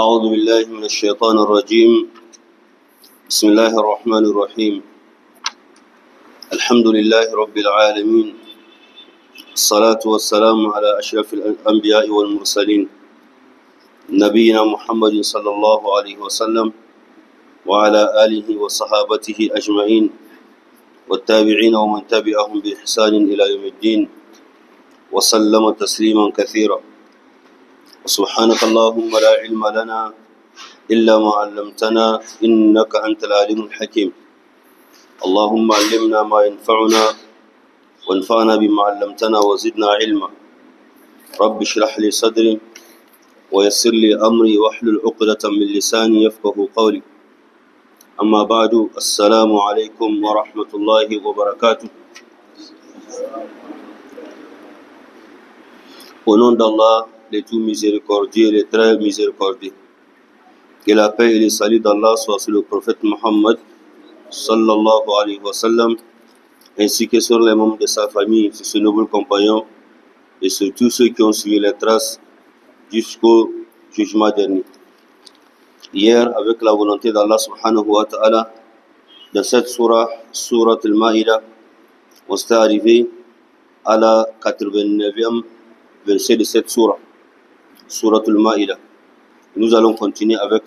أعوذ بالله من الشيطان الرجيم بسم الله الرحمن الرحيم الحمد لله رب العالمين الصلاة والسلام على أشرف الأنبياء والمرسلين نبينا محمد صلى الله عليه وسلم وعلى آله وصحابته أجمعين والتابعين ومن تبعهم بإحسان إلى يوم الدين وسلم تسليما كثيرا سبحانك اللهم لا علم لنا إلا ما علمتنا إنك أنت العليم الحكيم اللهم علمنا ما ينفعنا وانفعنا بما علمتنا وزدنا علما رب اشرح لي صدري ويسر لي أمري واحلل عقدة من لساني يفقه قولي أما بعد السلام عليكم ورحمة الله وبركاته ونون الله les tout miséricordieux, les très miséricordieux. Que la paix et le salut d'Allah soient sur le prophète Mohammed, sallallahu alayhi wa sallam, ainsi que sur les membres de sa famille, sur ses nobles compagnons, et sur tous ceux qui ont suivi les traces jusqu'au jugement dernier. Hier, avec la volonté d'Allah subhanahu wa ta'ala, de cette surah, surah al-Ma'ida, on s'est arrivé à la 89e verset de cette surah. Suratul Ma'ida. Nous allons continuer avec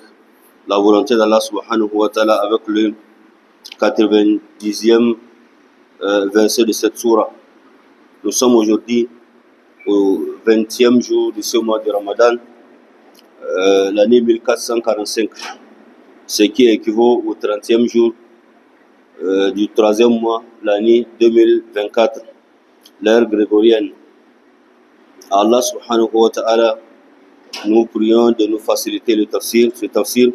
la volonté d'Allah subhanahu wa ta'ala avec le 90e euh, verset de cette surah. Nous sommes aujourd'hui au 20e jour de ce mois de Ramadan, euh, l'année 1445, ce qui équivaut au 30e jour euh, du troisième mois, l'année 2024, l'ère grégorienne. Allah subhanahu wa ta'ala nous prions de nous faciliter le tafsir, ce tafsir,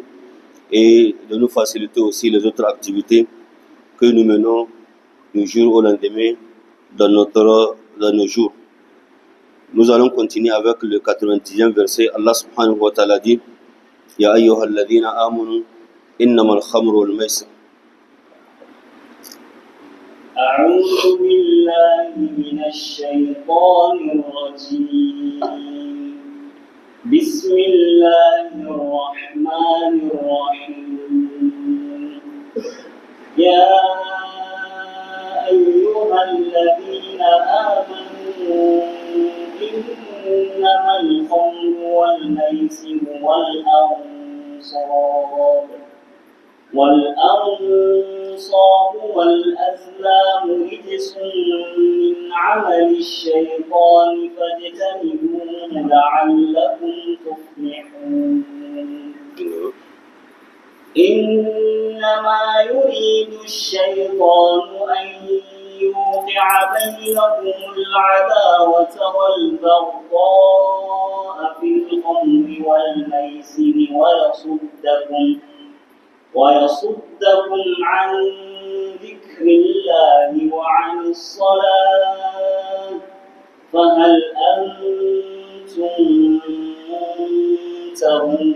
et de nous faciliter aussi les autres activités que nous menons du jour au lendemain dans, notre, dans nos jours. Nous allons continuer avec le 90e verset. Allah subhanahu wa ta'ala dit Ya alladhina khamru بسم الله الرحمن الرحيم يا أيها الذين آمنوا إنما الخمر والميسر والأنصار والأنصاب والأزلام رجس من عمل الشيطان فاجتنبوه لعلكم تفلحون إنما يريد الشيطان أن يوقع بينكم العداوة والبغضاء في الخمر والميسر ويصدكم ويصدكم عن ذكر الله وعن الصلاة فهل أنتم منتهون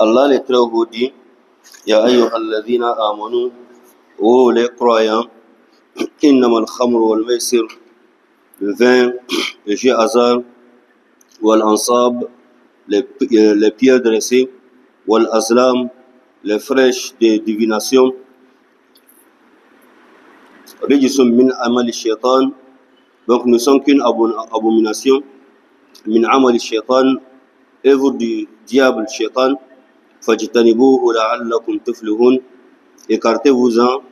الله نكره دي يا أيها الذين آمنوا وولي قرايا إنما الخمر والميسر الفين الجي أزار والأنصاب les, les wal aslam, les fraîches des divinations. Rijisum min amal shaitan, donc ne sont qu'une abomination, min amal shaitan, œuvre du diable shaitan, fajtanibuhu la'allakum tuflihun, écartez-vous-en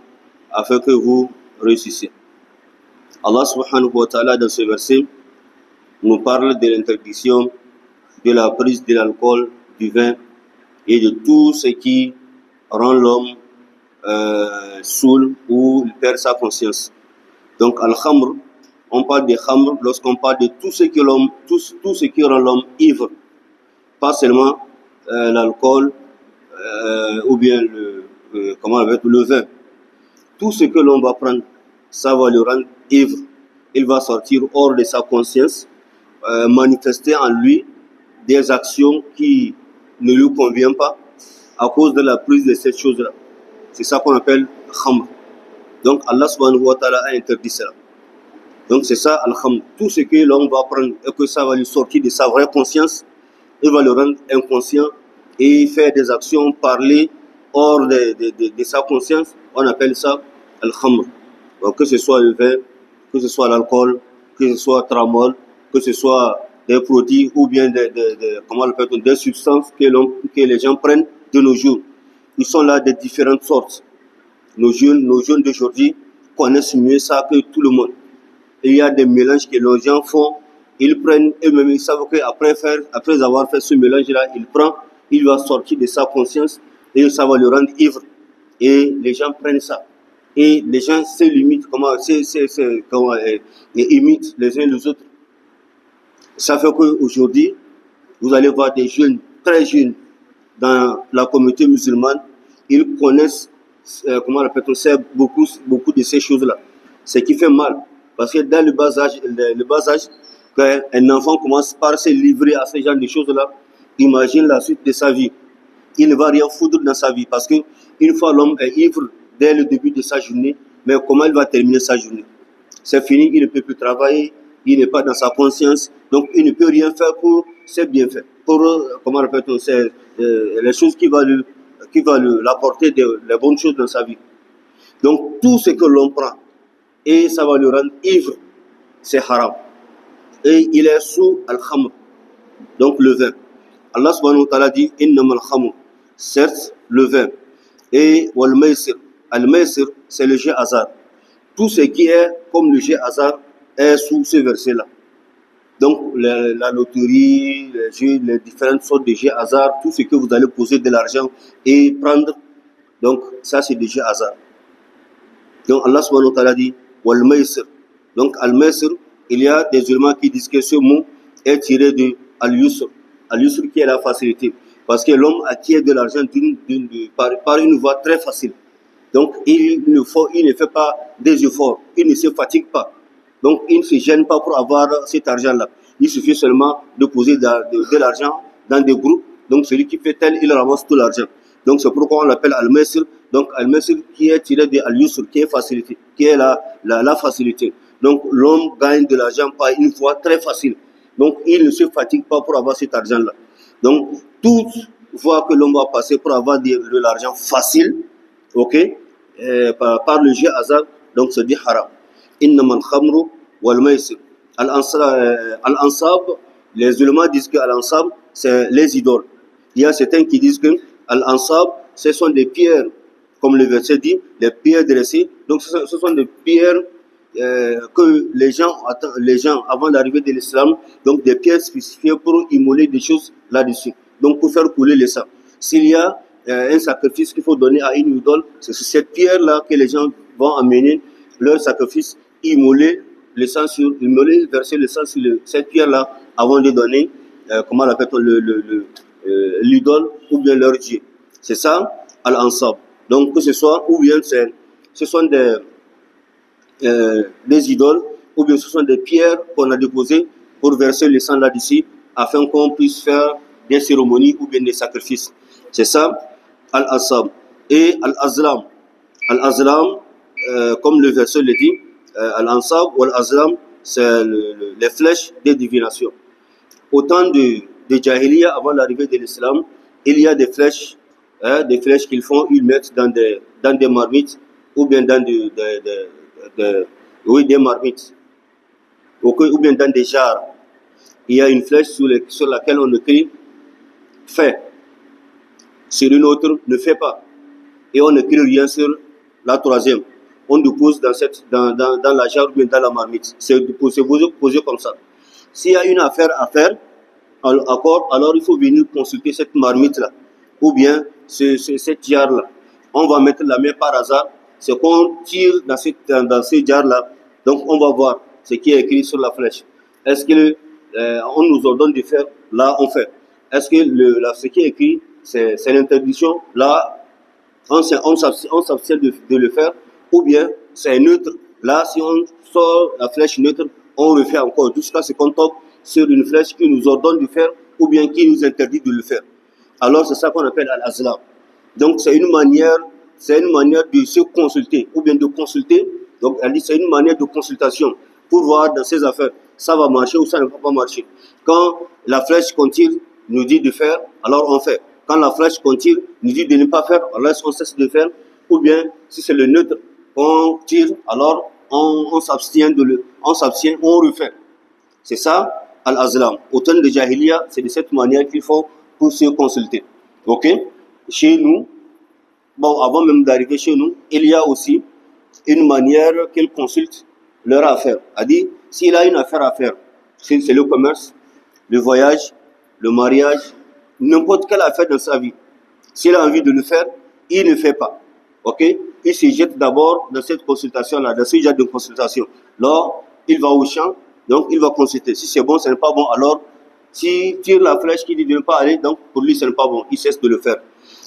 afin que vous réussissiez. Allah subhanahu wa ta'ala dans ce verset nous parle de l'interdiction de la prise de l'alcool, du vin et de tout ce qui rend l'homme euh, saoul ou perd sa conscience. Donc al-khamr, on parle de khamr lorsqu'on parle de tout ce que l'homme, tout, tout, ce qui rend l'homme ivre, pas seulement euh, l'alcool euh, ou bien le euh, comment avec le vin. Tout ce que l'on va prendre, ça va le rendre ivre. Il va sortir hors de sa conscience, euh, manifester en lui des actions qui ne lui convient pas à cause de la prise de cette chose-là. C'est ça qu'on appelle khamr. Donc Allah subhanahu wa ta'ala a interdit cela. Donc c'est ça al-khamr. Tout ce que l'homme va prendre et que ça va lui sortir de sa vraie conscience, il va le rendre inconscient et faire des actions, parler hors de, de, de, de sa conscience, on appelle ça al-khamr. Que ce soit le vin, que ce soit l'alcool, que ce soit tramol, que ce soit des produits ou bien des, comment on des substances que, que les gens prennent de nos jours. Ils sont là de différentes sortes. Nos jeunes, nos jeunes d'aujourd'hui connaissent mieux ça que tout le monde. Il y a des mélanges que les gens font. Ils prennent eux-mêmes, ils savent qu'après faire, après avoir fait ce mélange-là, il prend, il va sortir de sa conscience et ça va le rendre ivre. Et les gens prennent ça. Et les gens se comment, c'est, euh, les uns les autres ça fait qu'aujourd'hui, vous allez voir des jeunes, très jeunes, dans la communauté musulmane, ils connaissent, euh, comment on ça, beaucoup, beaucoup de ces choses-là. Ce qui fait mal. Parce que dans le bas âge, le, bas âge quand un enfant commence par se livrer à ces genre de choses-là, imagine la suite de sa vie. Il ne va rien foutre dans sa vie parce que une fois l'homme est ivre dès le début de sa journée, mais comment il va terminer sa journée C'est fini, il ne peut plus travailler, il n'est pas dans sa conscience, donc il ne peut rien faire pour ses bienfaits, pour, euh, comment répète-on, euh, les choses qui vont lui, qui va lui apporter les bonnes choses dans sa vie. Donc tout ce que l'on prend, et ça va lui rendre ivre, c'est haram. Et il est sous al-khamr, donc le vin. Allah subhanahu wa ta'ala dit, innam al-khamr, certes le vin. Et wal-maisir, al-maisir, c'est le jeu hasard. Tout ce qui est comme le jeu hasard, est sous ce verset-là. Donc, la, loterie, les jeux, les différentes sortes de jeux hasard, tout ce que vous allez poser de l'argent et prendre, donc ça c'est des jeux hasard. Donc, Allah subhanahu wa ta'ala dit, wal Donc, al il y a des éléments qui disent que ce mot est tiré de al yusr. Al yusr qui est la facilité. Parce que l'homme acquiert de l'argent par, par une voie très facile. Donc, il ne, faut, il ne fait pas des efforts, il ne se fatigue pas. Donc, il ne se gêne pas pour avoir cet argent-là. Il suffit seulement de poser de, l'argent dans des groupes. Donc, celui qui fait tel, il ramasse tout l'argent. Donc, c'est pourquoi on l'appelle Al-Mesir. Donc, Al-Mesir qui est tiré de Al-Yusr, qui est facilité, qui est la, la, facilité. Donc, l'homme gagne de l'argent par une fois très facile. Donc, il ne se fatigue pas pour avoir cet argent-là. Donc, toute fois que l'homme va passer pour avoir de, l'argent facile, ok, euh, par, le jeu hasard, donc c'est dit haram. Al-ansab, les ulama disent que Al-ansab, c'est les idoles. Il y a certains qui disent que Al-ansab, ce sont des pierres, comme le verset dit, les pierres dressées. Donc, ce sont des pierres euh, que les gens, les gens avant l'arrivée de l'islam, donc des pierres spécifiées pour immoler des choses là-dessus. Donc, pour faire couler les sang. S'il y a euh, un sacrifice qu'il faut donner à une idole, c'est sur cette pierre-là que les gens vont amener leur sacrifice immoler le sang sur, immoler, verser le sang sur cette pierre-là avant de donner, euh, comment l'appelle-t-on, le, le, euh, l'idole ou bien leur Dieu. C'est ça, al-ansab. Donc, que ce soit, ou bien ce sont des, euh, des idoles, ou bien ce sont des pierres qu'on a déposées pour verser le sang là-dessus, afin qu'on puisse faire des cérémonies ou bien des sacrifices. C'est ça, al-ansab. Et al-azlam. Al-azlam, euh, comme le verset le dit, euh, l'ensemble ou c'est les flèches des divinations. Au temps de, de Jahiliya, avant l'arrivée de l'islam, il y a des flèches, hein, des flèches qu'ils font, ils mettent dans des, dans des marmites ou bien dans des, des, de oui, des marmites ou bien dans des jarres Il y a une flèche sur, sur laquelle on écrit « fait Sur une autre, « Ne fait pas ». Et on écrit rien sur la troisième on dépose dans, cette, dans, dans, dans la jarre ou dans la marmite. C'est posé posé comme ça. S'il y a une affaire à faire, alors, alors il faut venir consulter cette marmite-là, ou bien ce, cette jarre-là. On va mettre la main par hasard, ce qu'on tire dans, cette, dans cette jarre là donc on va voir ce qui est écrit sur la flèche. Est-ce que euh, on nous ordonne de faire, là on fait. Est-ce que le, là, ce qui est écrit, c'est l'interdiction, là on s'abstient de le faire, ou bien c'est neutre. Là, si on sort la flèche neutre, on refait encore jusqu'à ce qu'on tombe sur une flèche qui nous ordonne de faire ou bien qui nous interdit de le faire. Alors, c'est ça qu'on appelle al-azlam. Donc, c'est une manière, c'est une manière de se consulter ou bien de consulter. Donc, elle dit, c'est une manière de consultation pour voir dans ses affaires, ça va marcher ou ça ne va pas marcher. Quand la flèche continue nous dit de faire, alors on fait. Quand la flèche continue nous dit de ne pas faire, alors on cesse de faire. Ou bien, si c'est le neutre, on tire, alors on, s'abstient de le, on s'abstient, on refait. C'est ça, Al-Azlam. Au temps de Jahiliya, c'est de cette manière qu'il faut pour se consulter. Ok Chez nous, bon, avant même d'arriver chez nous, il y a aussi une manière qu'ils consultent leur affaire. A dit, s'il a une affaire à faire, c'est le commerce, le voyage, le mariage, n'importe quelle affaire de sa vie. S'il a envie de le faire, il ne fait pas. Ok il se jette d'abord dans cette consultation-là, dans ce genre de consultation. Là, il va au champ, donc il va consulter. Si c'est bon, ce n'est pas bon, alors si tire la flèche qui dit de ne pas aller, donc pour lui, ce n'est pas bon, il cesse de le faire.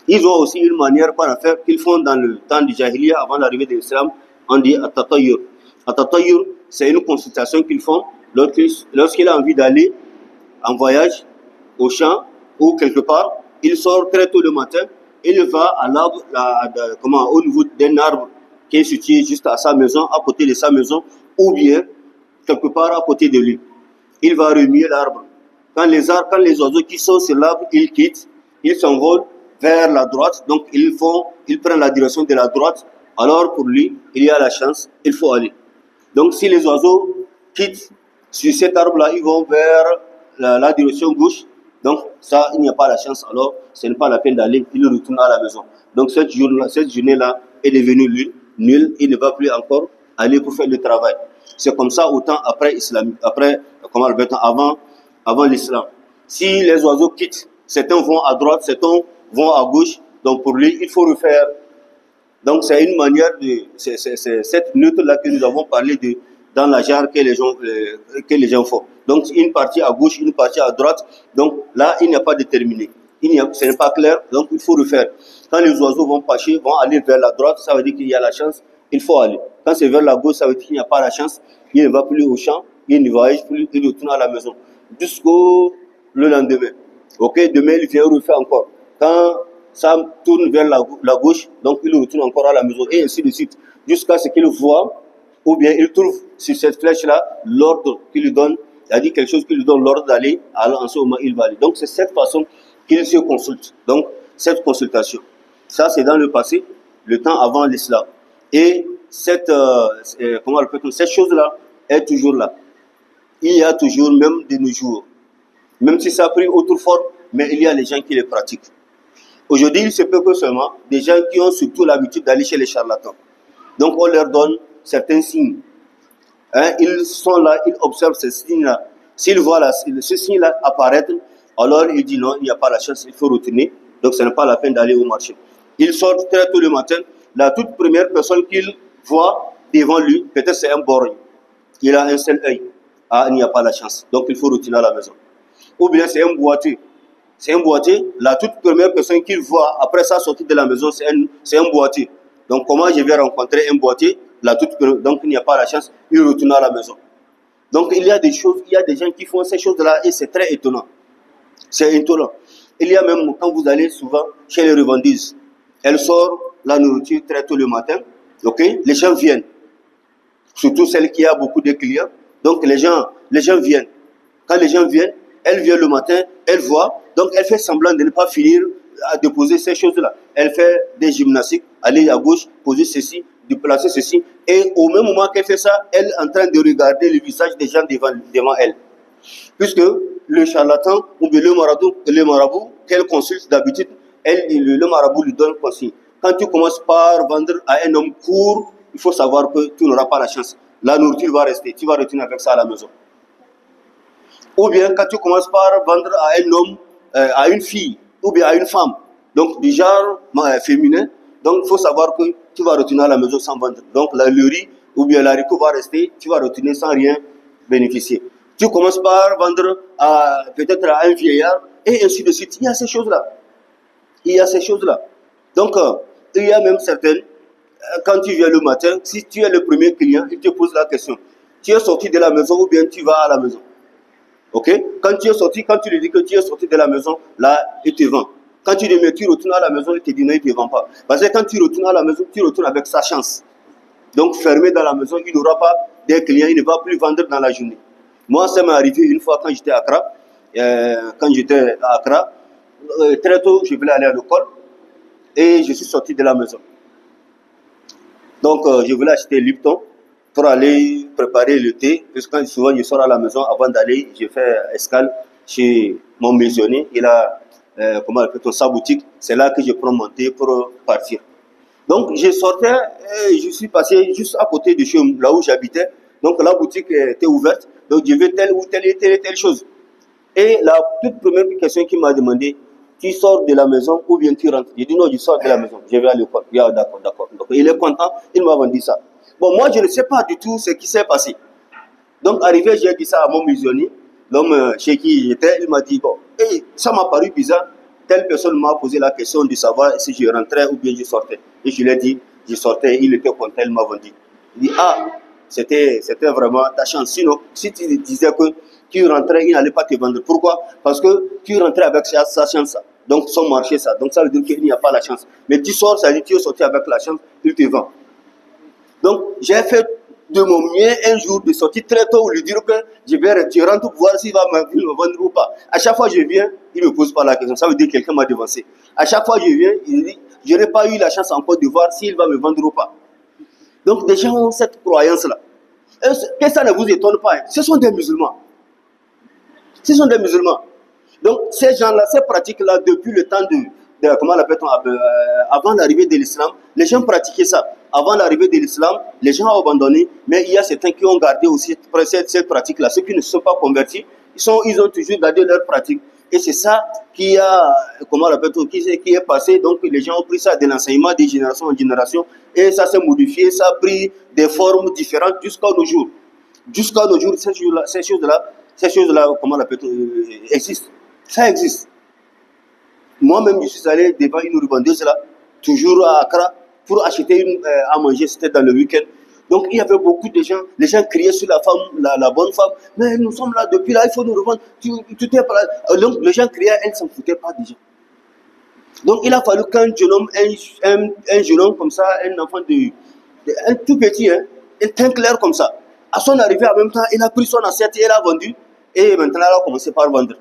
Ils ont aussi une manière par faire qu'ils font dans le temps du Jahiliya avant l'arrivée de l'islam, on dit Atatayur. Atatayur, c'est une consultation qu'ils font lorsqu'il a envie d'aller en voyage, au champ ou quelque part. Il sort très tôt le matin, va à l'arbre, la, comment, au niveau d'un arbre qui est situé juste à sa maison, à côté de sa maison, ou bien quelque part à côté de lui. Il va remuer l'arbre. Quand les quand les oiseaux qui sont sur l'arbre, ils quittent, ils s'envolent vers la droite, donc ils font, ils prennent la direction de la droite. Alors pour lui, il y a la chance, il faut aller. Donc si les oiseaux quittent sur cet arbre-là, ils vont vers la direction gauche. Donc, ça, il n'y a pas la chance, alors ce n'est pas la peine d'aller, il retourne à la maison. Donc, cette journée-là cette -là est devenue nulle, il ne va plus encore aller pour faire le travail. C'est comme ça autant après l'islam, après, comment avant, avant l'islam. Si les oiseaux quittent, certains vont à droite, certains vont à gauche, donc pour lui, il faut refaire. Donc, c'est une manière de, c'est cette note là que nous avons parlé de, dans la jarre que les gens, euh, que les gens font. Donc une partie à gauche, une partie à droite. Donc là, il n'y a pas déterminé. Il a, ce n'est pas clair, donc il faut refaire. Quand les oiseaux vont pâcher, vont aller vers la droite, ça veut dire qu'il y a la chance, il faut aller. Quand c'est vers la gauche, ça veut dire qu'il n'y a pas la chance, il ne va plus au champ, il ne voyage plus, il retourne à la maison. Jusqu'au le lendemain. Ok, demain, il vient refaire encore. Quand ça tourne vers la, la gauche, donc il retourne encore à la maison, et ainsi de suite. Jusqu'à ce qu'il voit, ou bien il trouve sur cette flèche-là l'ordre qu'il lui donne c'est-à-dire quelque chose qui lui donne l'ordre d'aller, alors en ce moment, il va aller. Donc, c'est cette façon qu'il se consulte. Donc, cette consultation. Ça, c'est dans le passé, le temps avant l'islam. Et cette, euh, euh, comment on cette chose-là est toujours là. Il y a toujours, même de nos jours, même si ça a pris autre forme, mais il y a les gens qui les pratiquent. Aujourd'hui, il se peut que seulement des gens qui ont surtout l'habitude d'aller chez les charlatans. Donc, on leur donne certains signes Hein, ils sont là, ils observent ces signes-là. S'ils voient là, ce signe-là apparaître, alors ils disent non, il n'y a pas la chance, il faut retourner. Donc ce n'est pas la peine d'aller au marché. Ils sortent très tôt le matin. La toute première personne qu'ils voient devant lui, peut-être c'est un borgne. Il a un seul œil. Ah, il n'y a pas la chance. Donc il faut retourner à la maison. Ou bien c'est un boîtier. C'est un boîtier, La toute première personne qu'il voit après sa sortie de la maison, c'est un, boîtier. Donc comment je vais rencontrer un boîtier toute Donc, il n'y a pas la chance, il retourne à la maison. Donc, il y a des choses, il y a des gens qui font ces choses-là et c'est très étonnant. C'est étonnant. Il y a même, quand vous allez souvent chez les revendices elles sortent la nourriture très tôt le matin. OK Les gens viennent. Surtout celles qui a beaucoup de clients. Donc, les gens, les gens viennent. Quand les gens viennent, elles viennent le matin, elles voient. Donc, elles font semblant de ne pas finir à déposer ces choses-là. Elle fait des gymnastiques, aller à gauche, poser ceci, de placer ceci. Et au même moment qu'elle fait ça, elle est en train de regarder le visage des gens devant, devant elle. Puisque le charlatan ou le marabout, le marabout qu'elle consulte d'habitude, elle, le, le marabout lui donne conseil. Quand tu commences par vendre à un homme court, il faut savoir que tu n'auras pas la chance. La nourriture va rester, tu vas retourner avec ça à la maison. Ou bien quand tu commences par vendre à un homme, euh, à une fille, ou bien à une femme, donc du genre euh, féminin, donc, il faut savoir que tu vas retourner à la maison sans vendre. Donc, la, le riz ou bien l'haricot va rester, tu vas retourner sans rien bénéficier. Tu commences par vendre à peut-être à un vieillard et ainsi de suite. Il y a ces choses-là. Il y a ces choses-là. Donc, euh, il y a même certaines, euh, quand tu viens le matin, si tu es le premier client, il te pose la question. Tu es sorti de la maison ou bien tu vas à la maison. OK Quand tu es sorti, quand tu lui dis que tu es sorti de la maison, là, il te vend. Quand tu mais tu retournes à la maison, il te dit non, il ne te vend pas. Parce que quand tu retournes à la maison, tu retournes avec sa chance. Donc, fermé dans la maison, il n'aura pas des clients, il ne va plus vendre dans la journée. Moi, ça m'est arrivé une fois quand j'étais à Accra. Euh, quand j'étais à Accra, euh, très tôt, je voulais aller à l'école et je suis sorti de la maison. Donc, euh, je voulais acheter Lipton pour aller préparer le thé, parce que souvent je sors à la maison avant d'aller, je fais escale chez mon maisonnier. Il a euh, comment appelle sa boutique, c'est là que je prends mon pour euh, partir. Donc je sortais et je suis passé juste à côté de chez là où j'habitais. Donc la boutique était ouverte. Donc je vais telle ou telle et telle chose. Et la toute première question qu'il m'a demandé, tu sors de la maison ou bien tu rentres J'ai dit non, je sors de la maison, je vais à l'école. Ah, d'accord, d'accord. Donc il est content, il m'a vendu ça. Bon, moi je ne sais pas du tout ce qui s'est passé. Donc arrivé, j'ai dit ça à mon musonnier l'homme euh, chez qui j'étais, il m'a dit, bon, et ça m'a paru bizarre, telle personne m'a posé la question de savoir si je rentrais ou bien je sortais. Et je lui ai dit, je sortais, il était content, il m'a vendu. Il dit, ah, c'était vraiment ta chance. Sinon, si tu disais que tu rentrais, il n'allait pas te vendre. Pourquoi Parce que tu rentrais avec sa chance. Donc, son marché, ça. Donc, ça veut dire qu'il n'y a pas la chance. Mais tu sors, ça veut dire que tu es sorti avec la chance, il te vend. Donc, j'ai fait de mon mieux un jour de sortir très tôt ou lui dire que je vais retirer pour voir s'il va me vendre ou pas. À chaque fois que je viens, il ne me pose pas la question. Ça veut dire que quelqu'un m'a devancé. À chaque fois que je viens, il dit, je n'ai pas eu la chance encore de voir s'il va me vendre ou pas. Donc des gens ont cette croyance-là. Que ça ne vous étonne pas. Hein. Ce sont des musulmans. Ce sont des musulmans. Donc ces gens-là, ces pratiques-là, depuis le temps de, de comment l'appelle-t-on, euh, avant l'arrivée de l'islam, les gens pratiquaient ça avant l'arrivée de l'islam, les gens ont abandonné, mais il y a certains qui ont gardé aussi cette, pratique-là. Ceux qui ne sont pas convertis, ils, sont, ils ont toujours gardé leur pratique. Et c'est ça qui a, comment on qui, qui est passé. Donc les gens ont pris ça de l'enseignement des générations en génération, et ça s'est modifié, ça a pris des formes différentes jusqu'à nos jours. Jusqu'à nos jours, ces choses-là, ces choses-là, euh, existent. Ça existe. Moi-même, je suis allé devant une rubandeuse là, toujours à Accra, pour acheter euh, à manger, c'était dans le week-end. Donc il y avait beaucoup de gens, les gens criaient sur la femme, la, bonne femme, mais nous sommes là depuis là, il faut nous revendre, tu, t'es euh, Donc les gens criaient, elle ne s'en foutaient pas déjà Donc il a fallu qu'un jeune homme, un, jeune homme comme ça, un enfant de, un tout petit, hein, un teint clair comme ça, à son arrivée en même temps, il a pris son assiette et il a vendu, et maintenant il a commencé par vendre.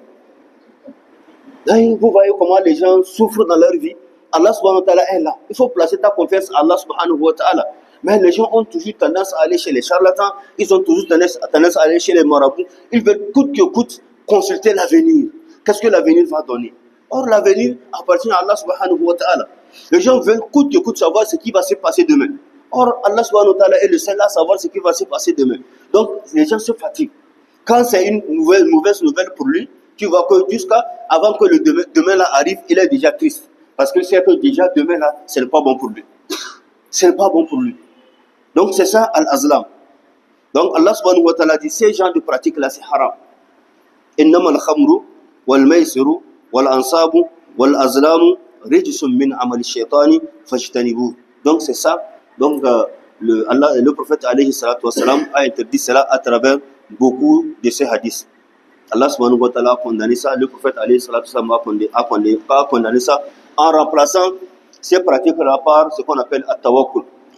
vous voyez comment les gens souffrent dans leur vie Allah subhanahu wa ta'ala est là. Il faut placer ta confiance en Allah subhanahu wa ta'ala. Mais les gens ont toujours tendance à aller chez les charlatans, ils ont toujours tendance, tendance à aller chez les marabouts. Ils veulent coûte que coûte consulter l'avenir. Qu'est-ce que l'avenir va donner Or, l'avenir appartient à Allah subhanahu wa ta'ala. Les gens veulent coûte que coûte savoir ce qui va se passer demain. Or, Allah subhanahu wa ta'ala est le seul à savoir ce qui va se passer demain. Donc, les gens se fatiguent. Quand c'est une nouvelle, mauvaise nouvelle pour lui, tu vois que jusqu'à avant que le demain, demain là arrive, il est déjà triste. Parce que c'est que déjà, demain, là, ce n'est pas bon pour lui. Ce n'est pas bon pour lui. Donc, c'est ça, Al-Azlam. Donc, Allah subhanahu wa ta'ala dit, ces gens de pratique-là, c'est haram. إنما ansabu والميسر والأنصاب azlamu رجس min amal shaitani فاجتنبوه donc c'est ça donc euh, le, Allah, le prophète alayhi salatu a interdit cela à travers beaucoup de ses hadiths Allah subhanahu wa ta'ala a condamné ça le prophète alayhi salatu wasalam a condamné, a condamné, a condamné ça en remplaçant ces pratiques-là par ce qu'on appelle at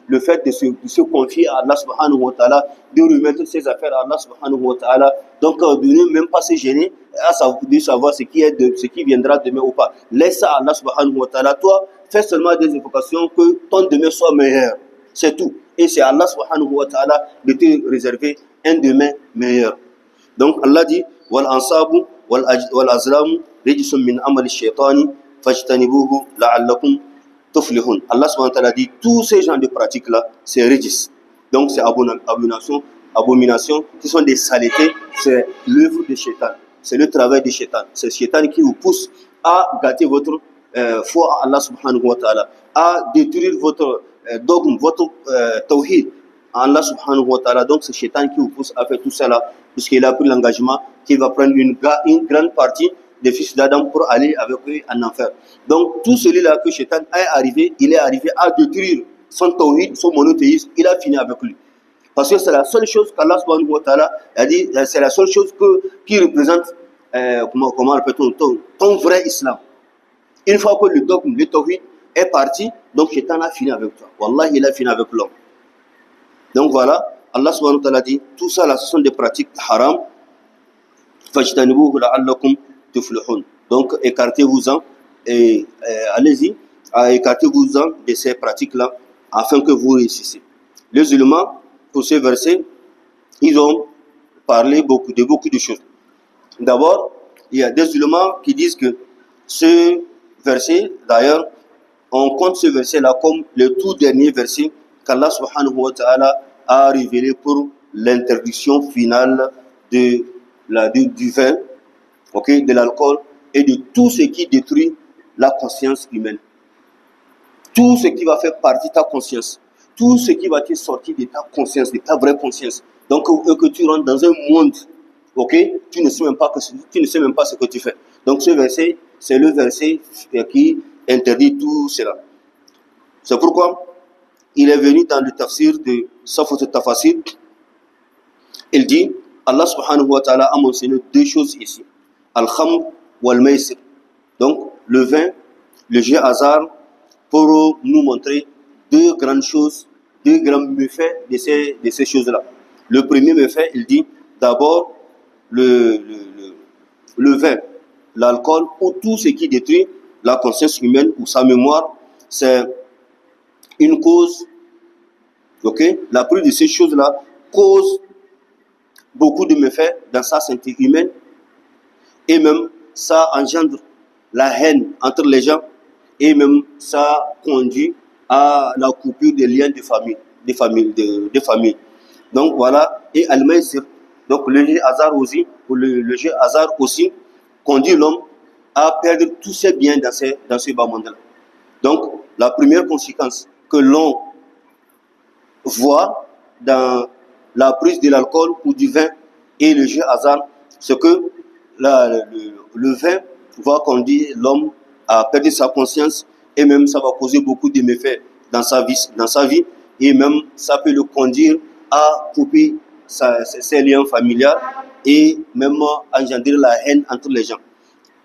le fait de se, confier à Allah subhanahu wa ta'ala, de remettre ses affaires à Allah subhanahu wa ta'ala, donc euh, de ne même pas se gêner, à savoir, savoir ce qui, est de, ce qui viendra demain ou pas. Laisse ça à Allah subhanahu wa ta'ala. Toi, fais seulement des invocations que ton demain soit meilleur. C'est tout. Et c'est à Allah subhanahu wa ta'ala de te réserver un demain meilleur. Donc Allah dit, « Wal ansabu wal azlamu rejisum min amal shaitani » fajtanibuhu la'allakum tuflihun. Allah subhanahu wa ta'ala dit tous ces gens de pratiques là, c'est régis. Donc c'est abomination, abomination qui sont des saletés, c'est l'œuvre de Shaitan, c'est le travail de Shaitan. C'est Shaitan qui vous pousse à gâter votre euh, foi à Allah subhanahu wa ta'ala, à détruire votre euh, dogme, votre euh, tawhid à Allah subhanahu wa ta'ala. Donc c'est Shaitan qui vous pousse à faire tout cela, puisqu'il a pris l'engagement qu'il va prendre une grande partie des fils d'Adam pour aller avec eux en enfer. Donc tout celui-là que Shaitan est arrivé, il est arrivé à détruire son tawhid, son monothéisme, il a fini avec lui. Parce que c'est la seule chose qu'Allah subhanahu wa ta'ala a dit, c'est la seule chose que, qui représente, euh, comment, comment on ton, ton vrai islam. Une fois que le dogme, le tawhid est parti, donc Shaitan a fini avec toi. Wallah, il a fini avec l'homme. Donc voilà, Allah subhanahu wa ta'ala dit, tout ça là, ce sont des pratiques haram. فاجتنبوه لعلكم donc, écartez-vous-en et euh, allez-y, écartez-vous-en de ces pratiques-là afin que vous réussissez. Les éléments, pour ces verset, ils ont parlé beaucoup, de beaucoup de choses. D'abord, il y a des éléments qui disent que ce verset, d'ailleurs, on compte ce verset-là comme le tout dernier verset qu'Allah subhanahu wa ta'ala a révélé pour l'interdiction finale de la, du, du vin Ok, de l'alcool et de tout ce qui détruit la conscience humaine. Tout ce qui va faire partie de ta conscience, tout ce qui va te sortir de ta conscience, de ta vraie conscience. Donc, que tu rentres dans un monde, ok, tu ne sais même pas, que, tu ne sais même pas ce que tu fais. Donc, ce verset, c'est le verset euh, qui interdit tout cela. C'est pourquoi il est venu dans le tafsir de Safat Tafasir. Il dit, Allah subhanahu wa ta'ala a mentionné deux choses ici al-khamr al Donc, le vin, le jeu hasard, pour nous montrer deux grandes choses, deux grands méfaits de ces, choses-là. Le premier méfait, il dit d'abord le, le, vin, l'alcool ou tout ce qui détruit la conscience humaine ou sa mémoire, c'est une cause. Ok, la plus de ces choses-là cause beaucoup de méfaits dans sa santé humaine et même, ça engendre la haine entre les gens. Et même, ça conduit à la coupure des liens de famille. Des familles, de, famille. Donc voilà, et al donc le jeu hasard aussi, le, jeu hasard aussi, conduit l'homme à perdre tous ses biens dans, ses, dans ce bas monde-là. Donc la première conséquence que l'on voit dans la prise de l'alcool ou du vin et le jeu hasard, c'est que le, le, vin va conduire l'homme à perdre sa conscience et même ça va causer beaucoup de méfaits dans sa vie, dans sa vie et même ça peut le conduire à couper ses liens familiaux et même engendrer la haine entre les gens.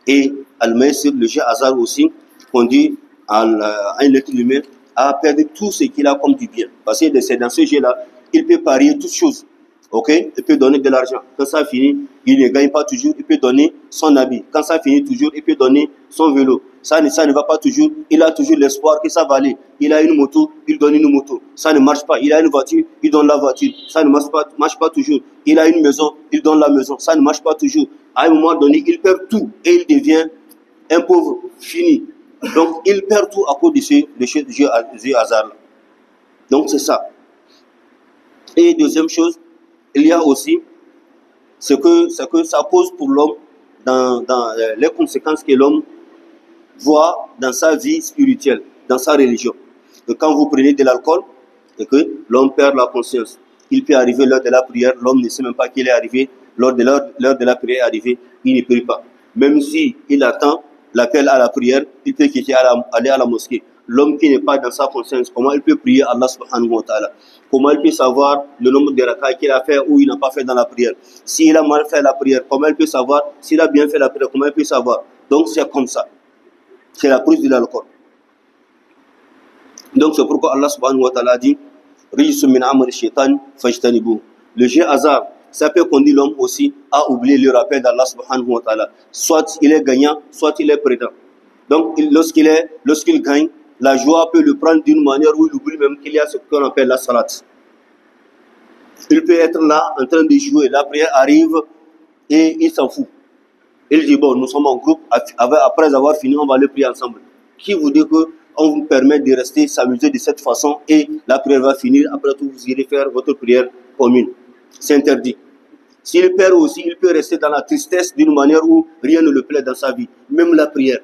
Et le jeu hasard aussi conduit à, un être humain à perdre tout ce qu'il a comme du bien. Parce que c'est dans ce jeu-là, il peut parier toutes choses. Ok Il peut donner de l'argent. Quand ça finit, il ne gagne pas toujours. Il peut donner son habit. Quand ça finit toujours, il peut donner son vélo. Ça, ça ne va pas toujours. Il a toujours l'espoir que ça va aller. Il a une moto, il donne une moto. Ça ne marche pas. Il a une voiture, il donne la voiture. Ça ne marche pas, marche pas toujours. Il a une maison, il donne la maison. Ça ne marche pas toujours. À un moment donné, il perd tout et il devient un pauvre fini. Donc, il perd tout à cause de ce, de ce, de hasard Donc, c'est ça. Et deuxième chose, il y a aussi ce que, ce que ça cause pour l'homme dans, dans, euh, les conséquences que l'homme voit dans sa vie spirituelle, dans sa religion. quand vous prenez de l'alcool et que l'homme perd la conscience, il peut arriver l'heure de la prière, l'homme ne sait même pas qu'il est arrivé, Lors de, l'heure de la prière est arrivée, il ne prie pas. Même si attend l'appel à la prière, il peut quitter à aller à la mosquée l'homme qui n'est pas dans sa conscience, comment il peut prier Allah subhanahu wa ta'ala Comment il peut savoir le nombre de rakats qu'il a fait ou il n'a pas fait dans la prière S'il a mal fait la prière, comment il peut savoir S'il a bien fait la prière, comment il peut savoir Donc c'est comme ça. C'est la prise de l'alcool. Donc c'est pourquoi Allah subhanahu wa ta'ala dit Le jeu hasard, ça peut conduire l'homme aussi à oublier le rappel d'Allah subhanahu wa ta'ala. Soit il est gagnant, soit il est perdant. Donc lorsqu'il lorsqu'il gagne, la joie peut le prendre d'une manière où il oublie même qu'il y a ce qu'on appelle la salat. Il peut être là en train de jouer, la prière arrive et il s'en fout. Il dit, bon, nous sommes en groupe, après avoir fini, on va aller prier ensemble. Qui vous dit que on vous permet de rester s'amuser de cette façon et la prière va finir, après tout, vous irez faire votre prière commune. C'est interdit. S'il perd aussi, il peut rester dans la tristesse d'une manière où rien ne le plaît dans sa vie, même la prière.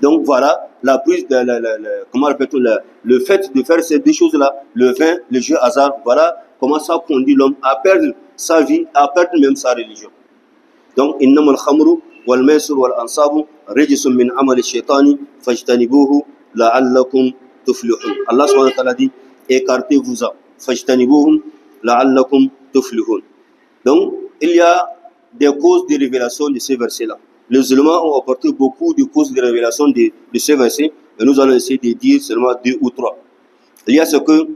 Donc voilà, la prise, de, la, la, la, comment le fait de faire ces deux choses-là, le vin, le jeu hasard, voilà comment ça conduit l'homme à perdre sa vie, à perdre même sa religion. Donc, al khamru wal maisur wal ansabu rijsun min amali shaitani fajtanibuhu la'allakum tuflihun. Allah SWT wa ta'ala dit écartez-vous-en, fajtanibuhum la'allakum tuflihun. Donc, il y a des causes de révélation de ces versets-là les musulmans ont apporté beaucoup de causes de révélation de, de ce verset, et nous allons essayer de dire seulement deux ou trois. Il y a ce que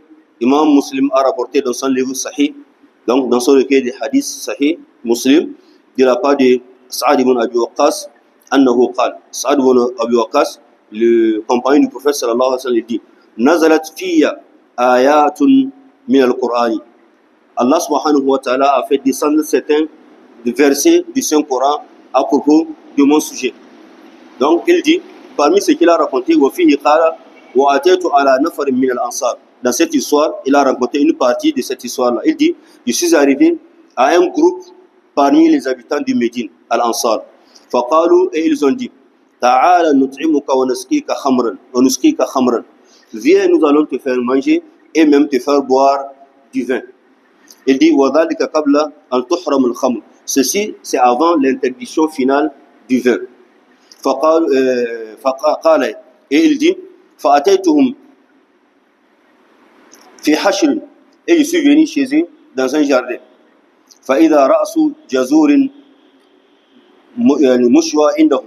l'imam musulman a rapporté dans son livre Sahih, donc dans son recueil des hadiths Sahih Muslim, de la part de Saad ibn Abi Waqqas, Annahu Qal. Saad ibn Abi Waqqas, le compagnon du prophète sallallahu alayhi wa sallam, dit Nazalat fiya ayatun min al Allah subhanahu wa ta'ala a fait descendre certains versets du Saint-Coran à propos de mon sujet. Donc il dit, parmi ce qu'il a raconté, dans cette histoire, il a raconté une partie de cette histoire-là. Il dit, je suis arrivé à un groupe parmi les habitants du Médine, à l'Ansar. Et ils ont dit, Viens, nous allons te faire manger et même te faire boire du vin. Il dit, Ceci, c'est avant l'interdiction finale دفر فقال آه، فقال إيه إلدي فأتيتهم في حشر أي سجني يعني شيزي دانسان جاردي فإذا رأس جزور يعني مشوى عندهم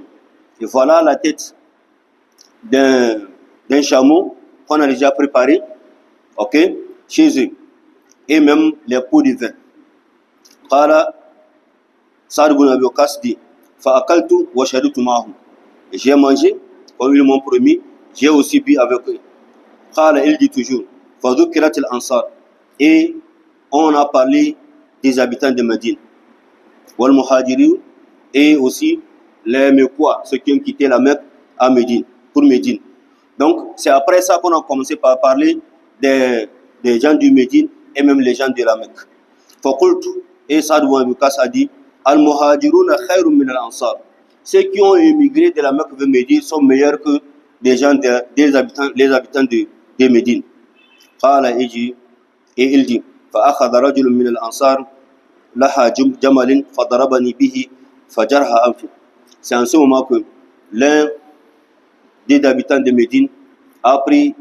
فوالا لا تيت دان دان شامو qu'on a déjà préparé, ok, chez eux, et même les pots de vin. Qala, Sadbun Abiyokas wa J'ai mangé, comme ils m'ont promis, j'ai aussi bu avec eux. il dit toujours, Fadhukirat al-Ansar. Et on a parlé des habitants de Medine. Wal et aussi les Mekwa, ceux qui ont quitté la Mecque à pour Medine. Donc, c'est après ça qu'on a commencé par parler des, des gens du Medine et même les gens de la Mecque. Fakultu, et Sadou Abukas a dit, Al-Muhajiruna khayrun min al-Ansar. Ceux qui ont émigré de la Mecque vers Médine sont meilleurs que les gens des habitants, les habitants de, de Médine. et il dit, فأخذ رجل من الأنصار لها جمل فضربني به فجرها أنفي. C'est en ce moment que l'un des habitants de Médine a pris,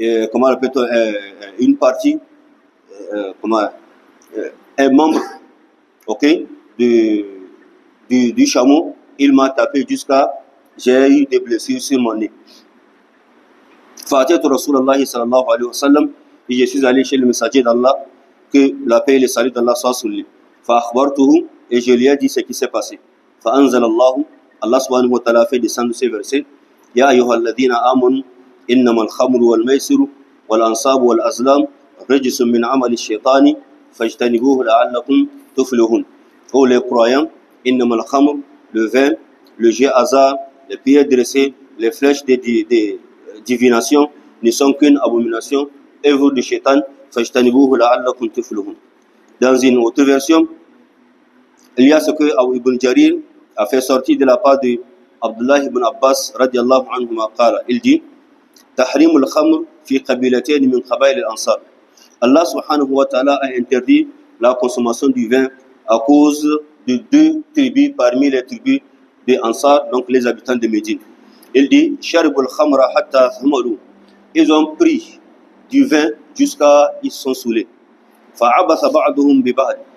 euh, comment on euh, euh, une partie, euh, comment, euh, un membre, ok, de, du, du chameau, il m'a tapé jusqu'à j'ai eu des blessures sur mon nez. Fatet Rasulallah sallallahu alayhi wa sallam, et je suis allé chez le messager d'Allah, que la paix et le salut d'Allah soient sur lui. Fa'akhbartuhu, et je lui ai dit ce qui s'est passé. Fa'anzal Allah, Allah subhanahu wa ta'ala fait descendre ces versets. Ya alladhina amanu, innama al-khamru wal-maisiru, wal-ansabu wal-azlam, رجس min عمل shaitani fajtanibuhu la'allakum tuflihun pour les croyants, innamal khamr, le vin, le jeu hasard, les pieds dressés, les flèches des, des, euh, divinations ne sont qu'une abomination, œuvre du shaitan, Dans une autre version, il y a ce que Abu Ibn Jarir a fait sortir de la part de Abdullah ibn Abbas radiallahu anhu Il dit Tahrim al-khamr fi qabilatayn min qabail al-ansar. Allah subhanahu wa ta'ala a interdit la consommation du vin à cause de deux tribus parmi les tribus des Ansar, donc les habitants de Médine. Il dit Ils ont pris du vin jusqu'à ils sont saoulés.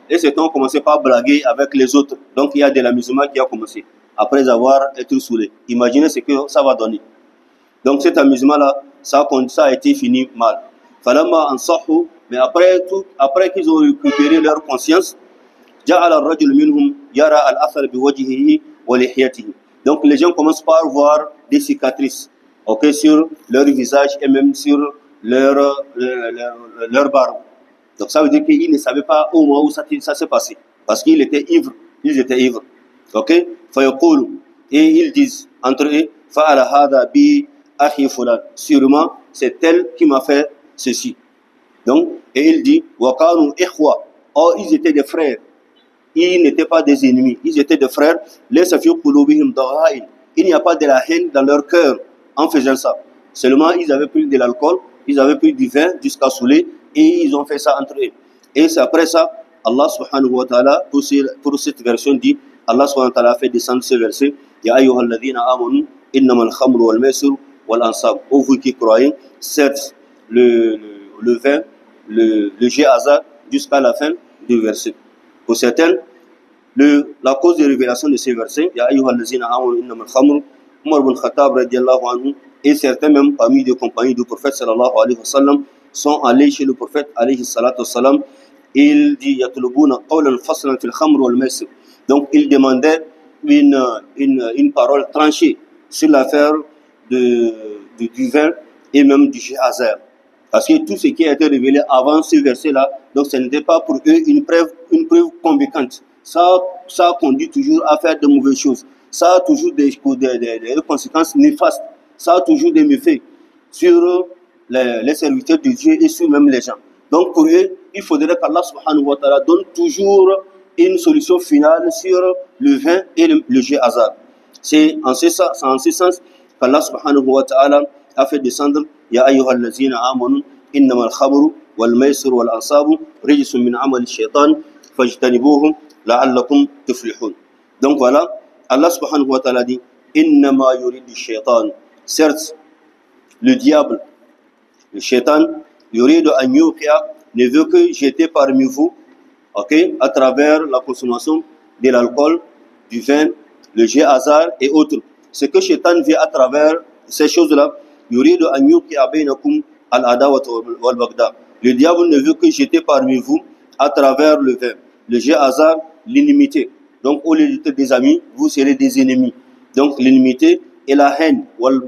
Et c'est ont commencé par blaguer avec les autres. Donc il y a de l'amusement qui a commencé après avoir été saoulé. Imaginez ce que ça va donner. Donc cet amusement-là, ça, ça a été fini mal. Mais après, après qu'ils ont récupéré leur conscience, donc les gens commencent par voir des cicatrices ok, sur leur visage et même sur leur, euh, leur, leur, barbe. Donc ça veut dire qu'ils ne savaient pas au moins où ça, ça s'est passé. Parce qu'ils étaient ivres. Ils étaient ivres. Ok Et ils disent entre eux, Sûrement, c'est elle qui m'a fait ceci. Donc, et il dit, Oh, ils étaient des frères ils n'étaient pas des ennemis, ils étaient des frères. Il n'y a pas de la haine dans leur cœur en faisant ça. Seulement, ils avaient pris de l'alcool, ils avaient pris du vin jusqu'à saouler et ils ont fait ça entre eux. Et c'est après ça, Allah subhanahu wa ta'ala, pour, cette version dit, Allah subhanahu wa ta'ala fait descendre ce verset, Ya ayyuhalladhina amanu, innamal khamru wal maisir wal ansab. Ô vous qui croyez, certes, le, vin, le, le jusqu'à la fin du verset. Pour certaines, le, la cause de révélation de ces versets, Ya Umar ibn Khattab anhu, et certains même parmi les compagnies du prophète sallallahu alayhi wa sallam sont allés chez le prophète alayhi salatu wa sallam. Il dit Yatlubuna qawlan faslan fil khamr wal maisir. Donc il demandait une, une, une parole tranchée sur l'affaire de, du vin et même du jahazer. Parce que tout ce qui a été révélé avant ce verset-là, donc ce n'était pas pour eux une preuve, une preuve convaincante. Ça, ça conduit toujours à faire de mauvaises choses. Ça a toujours des, conséquences néfastes. Ça a toujours des méfaits sur les, serviteurs de Dieu et sur même les gens. Donc pour eux, il faudrait qu'Allah subhanahu wa ta'ala donne toujours une solution finale sur le vin et le, jeu hasard. C'est en ce, en ce sens qu'Allah subhanahu wa ta'ala a fait descendre donc voilà, Allah subhanahu wa ta'ala dit Certes, le diable, le shaitan, il ne veut que jeter parmi vous, ok, à travers la consommation de l'alcool, du vin, le jeu hasard et autres. Ce que shaitan vient à travers ces choses-là, le diable ne veut que jeter parmi vous à travers le vin, le jeu hasard, l'inimité. Donc au lieu d'être des amis, vous serez des ennemis. Donc l'inimité et la haine wal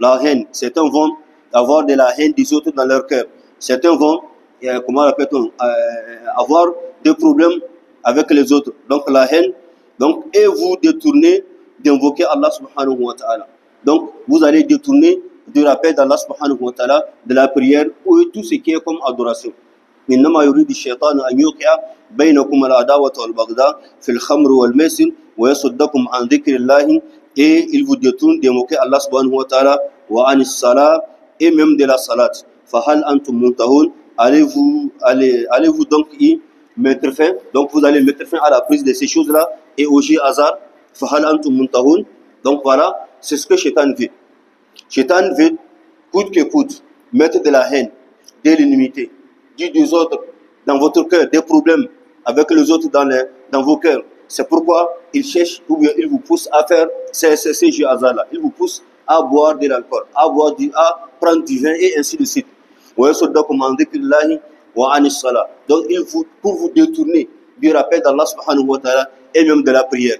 la haine, certains vont avoir de la haine des autres dans leur cœur. Certains vont euh, comment appelle-t-on euh, avoir des problèmes avec les autres. Donc la haine donc, et vous détournez d'invoquer Allah subhanahu wa ta'ala. Donc, vous allez détourner du rappel d'Allah subhanahu wa ta'ala, de la prière ou tout ce qui est comme adoration. إنما يريد الشيطان أن يوقع بينكم العداوة والبغضاء في الخمر والميسر ويصدكم عن ذكر الله et il vous détourne d'évoquer Allah subhanahu wa ta'ala wa anis salat et même de la salat fahal antum muntahun allez-vous allez, allez vous donc y mettre fin donc vous allez mettre fin à la prise de ces choses là et au jeu fahal antum muntahun donc voilà c'est ce que j'ai veut. Shaitan veut, coûte que coûte, mettre de la haine, de l'inimité, du autres, dans votre cœur, des problèmes avec les autres dans, les, dans vos cœurs. C'est pourquoi il cherche ou bien il vous pousse à faire ces, ces, jeux Il vous pousse à boire de l'alcool, à, boire du, à prendre du vin et ainsi de suite. Donc il vous, pour vous détourner du rappel d'Allah et même de la prière.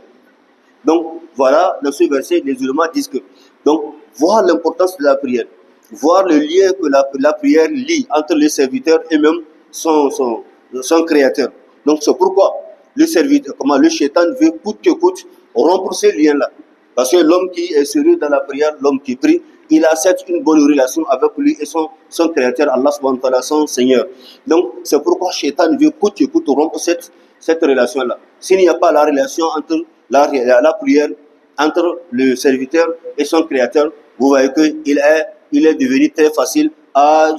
Donc, voilà, dans ce verset, les musulmans disent que. Donc, voir l'importance de la prière, voir le lien que la, prière lie entre le serviteur et même son, son, créateur. Donc, c'est pourquoi le serviteur, comment le shaitan veut coûte que coûte rompre ce lien-là. Parce que l'homme qui est sérieux dans la prière, l'homme qui prie, il a cette une bonne relation avec lui et son, créateur, Allah subhanahu wa son Seigneur. Donc, c'est pourquoi Shaitan veut coûte que coûte rompre cette, cette relation-là. S'il n'y a pas la relation entre la, prière entre le serviteur et son créateur, vous voyez qu'il est, il est devenu très facile à,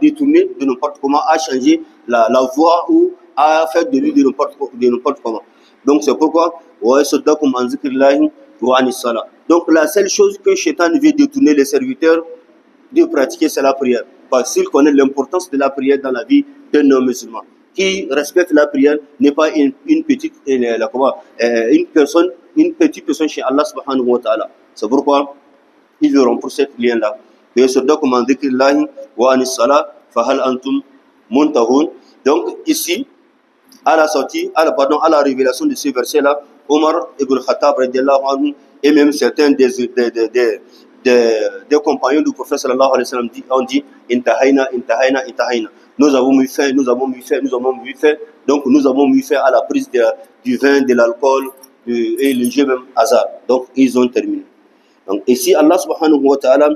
détourner de n'importe comment, à changer la, la voie ou à faire de lui de n'importe comment. Donc c'est pourquoi, donc la seule chose que Shaitan veut détourner les serviteurs de pratiquer, c'est la prière. Parce qu'il connaît l'importance de la prière dans la vie de nos musulmans qui respecte la prière n'est pas une, une petite, la, comment, euh, une personne, une petite personne chez Allah subhanahu wa ta'ala. C'est pourquoi ils auront pour cette lien-là. Donc ici, à la sortie, à la, pardon, à la révélation de ce verset-là, Omar ibn Khattab et même certains des, des, des, des, compagnons du prophète sallallahu alayhi wa sallam ont dit « Intahayna, intahayna, intahayna » nous avons mieux fait, nous avons mieux fait, nous avons mieux fait. Donc nous avons mieux fait à la prise du vin, de l'alcool et le jeu même hasard. Donc ils ont terminé. Donc ici, Allah subhanahu wa ta'ala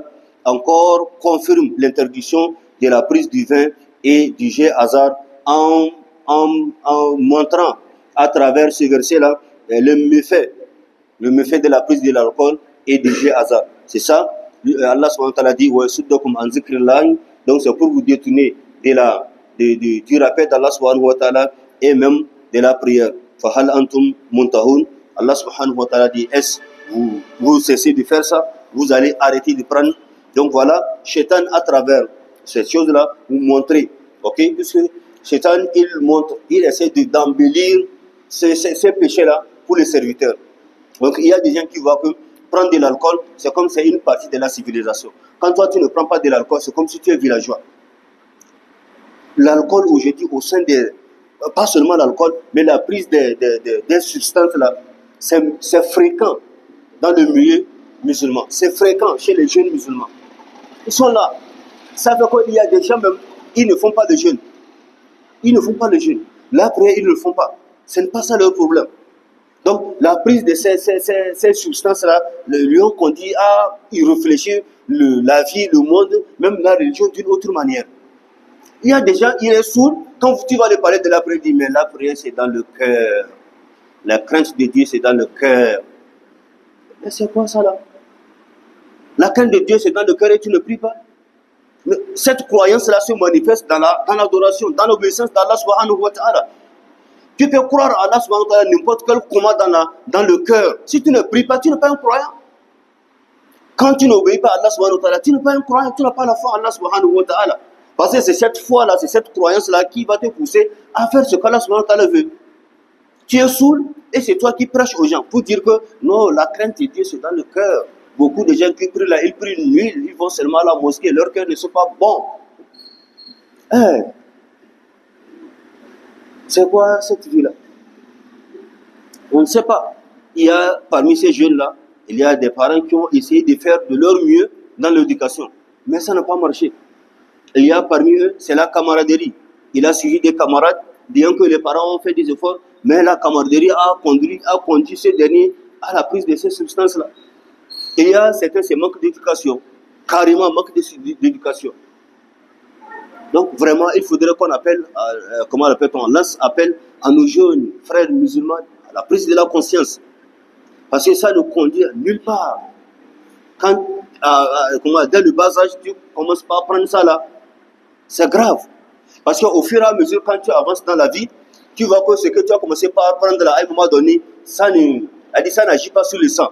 encore confirme l'interdiction de la prise du vin et du jeu hasard en, en, montrant à travers ce verset-là eh, le méfait, le méfait de la prise de l'alcool et du jeu hasard. C'est ça, euh, Allah subhanahu wa ta'ala dit, donc c'est pour vous détourner de la, de, du rappel d'Allah subhanahu wa ta'ala et même de la prière. Fahal antum muntahun. Allah subhanahu wa ta'ala dit, est-ce vous, vous cessez de faire ça, vous allez arrêter de prendre. Donc voilà, Shaitan à travers Cette chose là vous montrez. Ok Puisque Shaitan, il montre, il essaie d'embellir ces, ces, ces péchés-là pour les serviteurs. Donc il y a des gens qui voient que prendre de l'alcool, c'est comme c'est une partie de la civilisation. Quand toi, tu ne prends pas de l'alcool, c'est comme si tu es villageois l'alcool aujourd'hui au sein des... Pas seulement l'alcool, mais la prise des, des, des, substances, là, c'est fréquent dans le milieu musulman. C'est fréquent chez les jeunes musulmans. Ils sont là. Ça veut quoi Il y a des gens même, ils ne font pas de jeûne. Ils ne font pas de jeûne. là prière, ils ne le font pas. Ce n'est pas ça leur problème. Donc, la prise de ces, ces, ces, ces substances-là, le lion qu'on dit, ah, il réfléchit le, la vie, le monde, même la religion d'une autre manière. Il y a des gens, il est sourds, Quand tu vas le parler de la prière, il dit, mais la prière, c'est dans le cœur. La crainte de Dieu, c'est dans le cœur. Mais c'est quoi ça là La crainte de Dieu, c'est dans le cœur et tu ne pries pas. cette croyance-là se manifeste dans l'adoration, dans l'obéissance d'Allah subhanahu wa ta'ala. Tu peux croire à Allah subhanahu wa ta'ala n'importe quel combat dans, dans le cœur. Si tu ne pries pas, tu n'es pas un croyant. Quand tu n'obéis pas à Allah subhanahu wa ta'ala, tu n'es pas un croyant, tu n'as pas la foi à Allah subhanahu wa ta'ala. Parce que c'est cette foi-là, c'est cette croyance-là qui va te pousser à faire ce qu'Allah veut. Tu es saoul et c'est toi qui prêches aux gens pour dire que non, la crainte de Dieu, c'est dans le cœur. Beaucoup de gens qui prient là, ils prient nul. ils vont seulement à la mosquée, leur cœur ne sont pas bons. Hein? C'est quoi cette vie-là On ne sait pas. Il y a parmi ces jeunes-là, il y a des parents qui ont essayé de faire de leur mieux dans l'éducation. Mais ça n'a pas marché il y a parmi eux, c'est la camaraderie. Il a suivi des camarades, bien que les parents ont fait des efforts, mais la camaraderie a conduit, a conduit ces derniers à la prise de ces substances-là. Il y a certains, c'est manque d'éducation, carrément manque d'éducation. Donc vraiment, il faudrait qu'on appelle, euh, euh, comment l'appelle-t-on, lance appel à nos jeunes frères musulmans à la prise de la conscience. Parce que ça ne conduit nulle part. Quand, euh, dès le bas âge, tu commences pas à prendre ça là, c'est grave. Parce qu'au fur et à mesure, quand tu avances dans la vie, tu vois que ce que tu as commencé par prendre à un moment donné, ça n'agit pas sur le sang.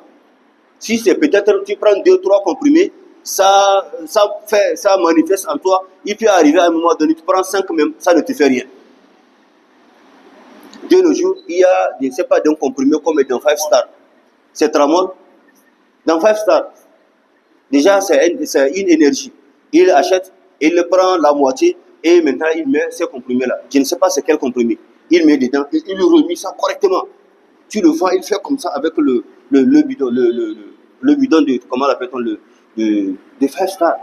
Si c'est peut-être tu prends deux, trois comprimés, ça, ça, fait, ça manifeste en toi. Il peut arriver à un moment donné, tu prends cinq même, ça ne te fait rien. De nos jours, il y a, je ne sais pas, d'un comprimé comme dans Five Star. C'est Tramol. Dans Five Star, déjà, c'est une énergie. Il achète, il prend la moitié et maintenant il met ses comprimés-là. Je ne sais pas c'est quel comprimé. Il met dedans, il, il remet ça correctement. Tu le vois, il fait comme ça avec le, le, le bidon, le, le, le, bidon de, comment l'appelle-t-on, le, de, de Star.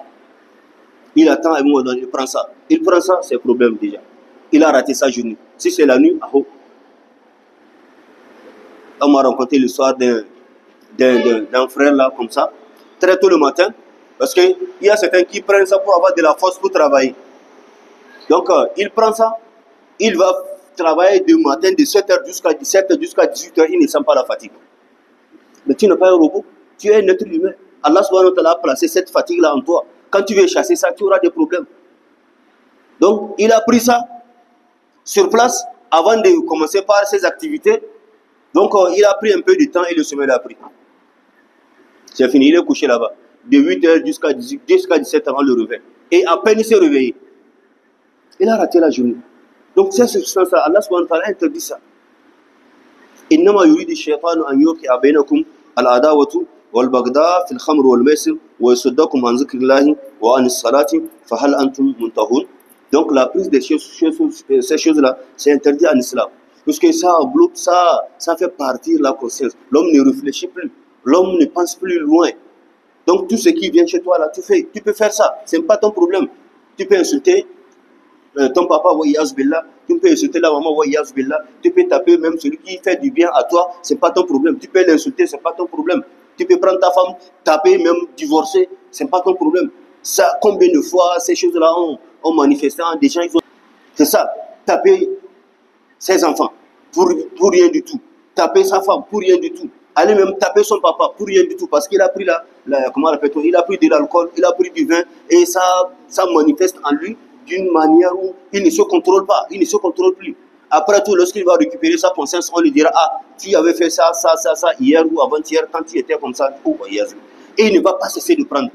Il attend et un il prend ça. Il prend ça, c'est problème déjà. Il a raté sa journée. Si c'est la nuit, ah oh. On m'a rencontré le soir d'un frère là, comme ça. Très tôt le matin, parce qu'il y a certains qui prennent ça pour avoir de la force pour travailler. Donc, euh, il prend ça, il va travailler du matin de 7h jusqu'à 17h, jusqu'à 18h, il ne sent pas la fatigue. Mais tu n'es pas un robot, tu es un être humain. Allah subhanahu wa ta'ala a placé cette fatigue-là en toi. Quand tu veux chasser ça, tu auras des problèmes. Donc, il a pris ça sur place avant de commencer par ses activités. Donc, euh, il a pris un peu de temps et le sommeil l'a pris. C'est fini, il est couché là-bas de 8h jusqu'à jusqu 17h avant le réveil. Et à peine il s'est réveillé. Il a raté la journée. Donc, c'est ce sens là Allah subhanahu wa ta'ala interdit ça. إنما يريد al أن يوقع khamr العداوة والبغضاء في الخمر والميسر ويصدكم عن ذكر الله وعن الصلاة fahal antum muntahun. Donc la prise de euh, ces choses-là, c'est interdit en islam. Parce que ça bloque, ça, ça fait partir la conscience. L'homme ne réfléchit plus. L'homme ne pense plus loin. Donc tout ce qui vient chez toi là, tu fais, tu peux faire ça, c'est pas ton problème. Tu peux insulter euh, ton papa, billah, tu peux insulter la maman, tu peux taper même celui qui fait du bien à toi, c'est pas ton problème. Tu peux l'insulter, c'est pas ton problème. Tu peux prendre ta femme, taper, même divorcer, c'est pas ton problème. Ça, combien de fois ces choses-là ont, manifesté, en des C'est ça, taper ses enfants pour, pour rien du tout, taper sa femme pour rien du tout, aller même taper son papa pour rien du tout parce qu'il a pris la, la comment on il a pris de l'alcool, il a pris du vin et ça, ça manifeste en lui d'une manière où il ne se contrôle pas, il ne se contrôle plus. Après tout, lorsqu'il va récupérer sa conscience, on lui dira Ah, tu avais fait ça, ça, ça, ça hier ou avant-hier quand tu étais comme ça. Oh, hier. Bah, et il ne va pas cesser de prendre.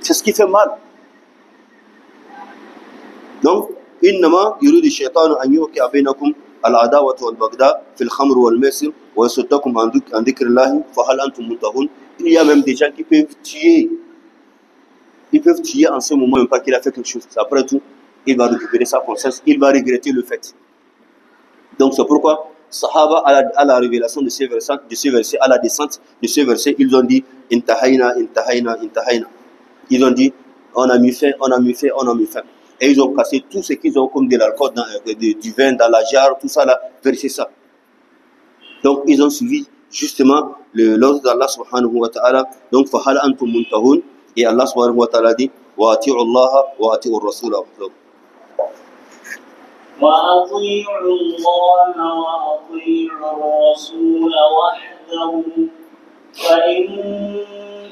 C'est ce qui fait mal. Donc, innama qui shaitan an yuqi bainakum il y a même des gens qui peuvent tuer. Ils peuvent tuer en ce moment même pas qu'il a fait quelque chose. Après tout, il va récupérer sa conscience, il va regretter le fait. Donc c'est pourquoi Sahaba, à la, à la révélation de ces versets de à la descente de ces verset, ils ont dit Ils ont dit On a mis fin, on a mis fin, on a mis fin. Et ils ont cassé tout ce qu'ils ont comme de l'alcool, du vin dans la jarre, tout ça, là, verser ça. Donc, ils ont suivi justement le, l'ordre d'Allah subhanahu wa ta'ala. Donc, fahal antum muntahun. Et Allah subhanahu wa ta'ala dit, wa ati'u Allah wa ati'u Rasul. وأطيعوا الله وأطيعوا الرسول وحده فإن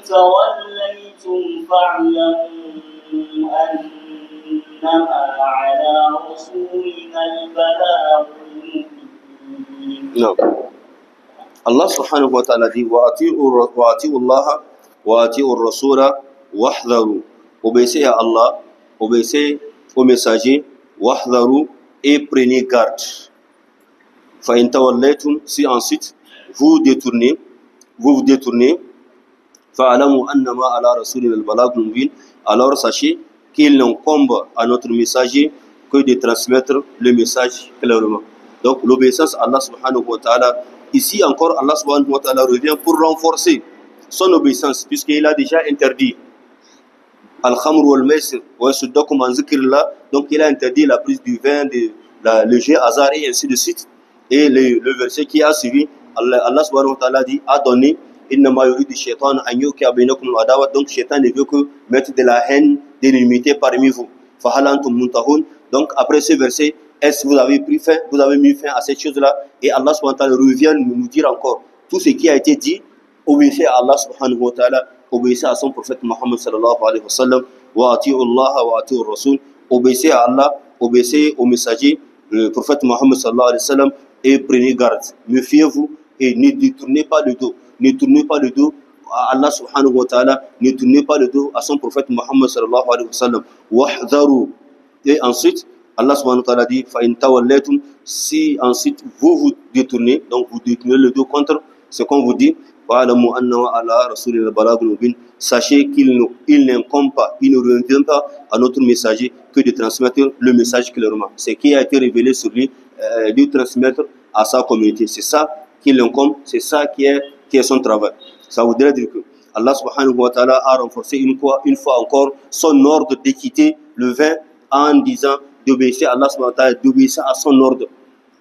توليتم فاعلموا أن إنما على رسولنا البلاغ نعم الله سبحانه وتعالى دي وأطيعوا وأطيعوا الله وأطيعوا الرسول واحذروا obéissez à Allah obéissez au واحذروا et prenez garde فإن توليتم si ensuite vous détournez vous vous فاعلموا أنما على رسولنا البلاغ المبين alors sachez qu'il n'encombe à notre messager que de transmettre le message clairement. Donc l'obéissance à Allah subhanahu wa ta'ala, ici encore Allah subhanahu wa ta'ala revient pour renforcer son obéissance puisqu'il a déjà interdit Al-Khamr wal-Maisir wa suddakum an zikrillah donc il a interdit la prise du vin, de, la, le jeu hasard et ainsi de suite. Et le, verset qui a suivi, Allah, subhanahu wa ta'ala dit a donné Inna ma shaitan an yuqi'a bainakum al-adawa donc shaitan ne veut que mettre de la haine, de l'immunité parmi vous. Fa donc après ce verset est-ce que vous avez pris fin, vous avez mis fin à cette chose-là Et Allah subhanahu wa ta'ala revient nous dire encore tout ce qui a été dit, obéissez à Allah subhanahu wa ta'ala, obéissez à son prophète Muhammad sallallahu alayhi wa sallam, wa ati'u Allah wa ati'u Rasul, obéissez à Allah, obéissez au messager, le prophète Muhammad sallallahu alayhi wa sallam, et prenez garde, méfiez-vous et ne détournez pas le dos ne tournez pas le dos à Allah subhanahu wa ta'ala, ne tournez pas le dos à son prophète Muhammad sallallahu alayhi wa sallam. Et ensuite, Allah subhanahu wa ta'ala dit, si ensuite vous vous détournez, donc vous détournez le dos contre ce qu'on vous dit, Sachez qu'il n'incombe pas, il ne revient pas à notre messager que de transmettre le message clairement. Ce qui a été révélé sur lui, euh, de transmettre à sa communauté. C'est ça qui l'incombe, c'est ça qui est qui est son travail. Ça voudrait dire que Allah subhanahu wa ta'ala a renforcé une fois, une fois encore son ordre d'équité, le vin, en disant d'obéir à Allah subhanahu wa ta'ala, d'obéir à son ordre.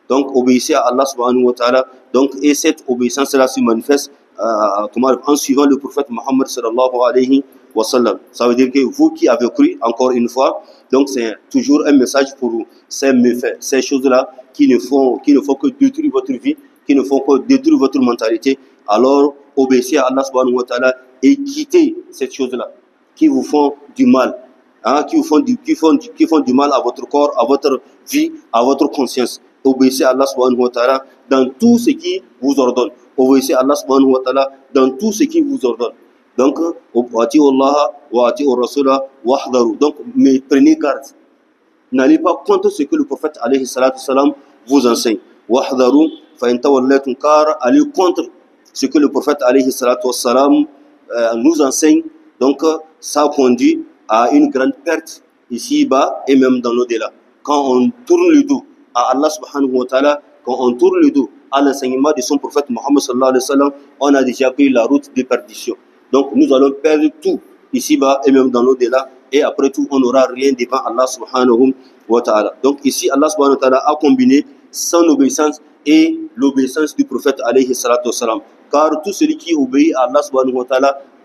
Donc, obéir à Allah subhanahu wa ta'ala. Donc, et cette obéissance-là se manifeste euh, en suivant le prophète Muhammad sallallahu alayhi wa sallam. Ça veut dire que vous qui avez cru, encore une fois, donc c'est toujours un message pour vous. Ces méfaits, ces choses-là qui font, qui ne font que détruire votre vie, qui ne font que détruire votre mentalité, alors obéissez à Allah subhanahu wa ta'ala et quittez cette chose-là qui vous font du mal, hein, qui vous font du, qui font mal à votre corps, à votre vie, à votre conscience. Obéissez à Allah subhanahu wa ta'ala dans tout ce qui vous ordonne. Obéissez à Allah subhanahu wa ta'ala dans tout ce qui vous ordonne. Donc, Allah wa Donc, mais prenez garde. N'allez pas contre ce que le prophète alayhi salatu salam vous enseigne. allez contre ce que le prophète alayhi wassalam, euh, nous enseigne. Donc, euh, ça conduit à une grande perte ici-bas et même dans l'au-delà. Quand on tourne le dos à Allah subhanahu wa ta'ala, quand on tourne le dos à l'enseignement de son prophète Muhammad sallallahu alayhi wa on a déjà pris la route de perdition. Donc, nous allons perdre tout ici-bas et même dans l'au-delà. Et après tout, on n'aura rien devant Allah subhanahu wa ta'ala. Donc ici, Allah subhanahu wa ta'ala a combiné son obéissance et l'obéissance du prophète alayhi salatu salam. Car tout celui qui obéit à Allah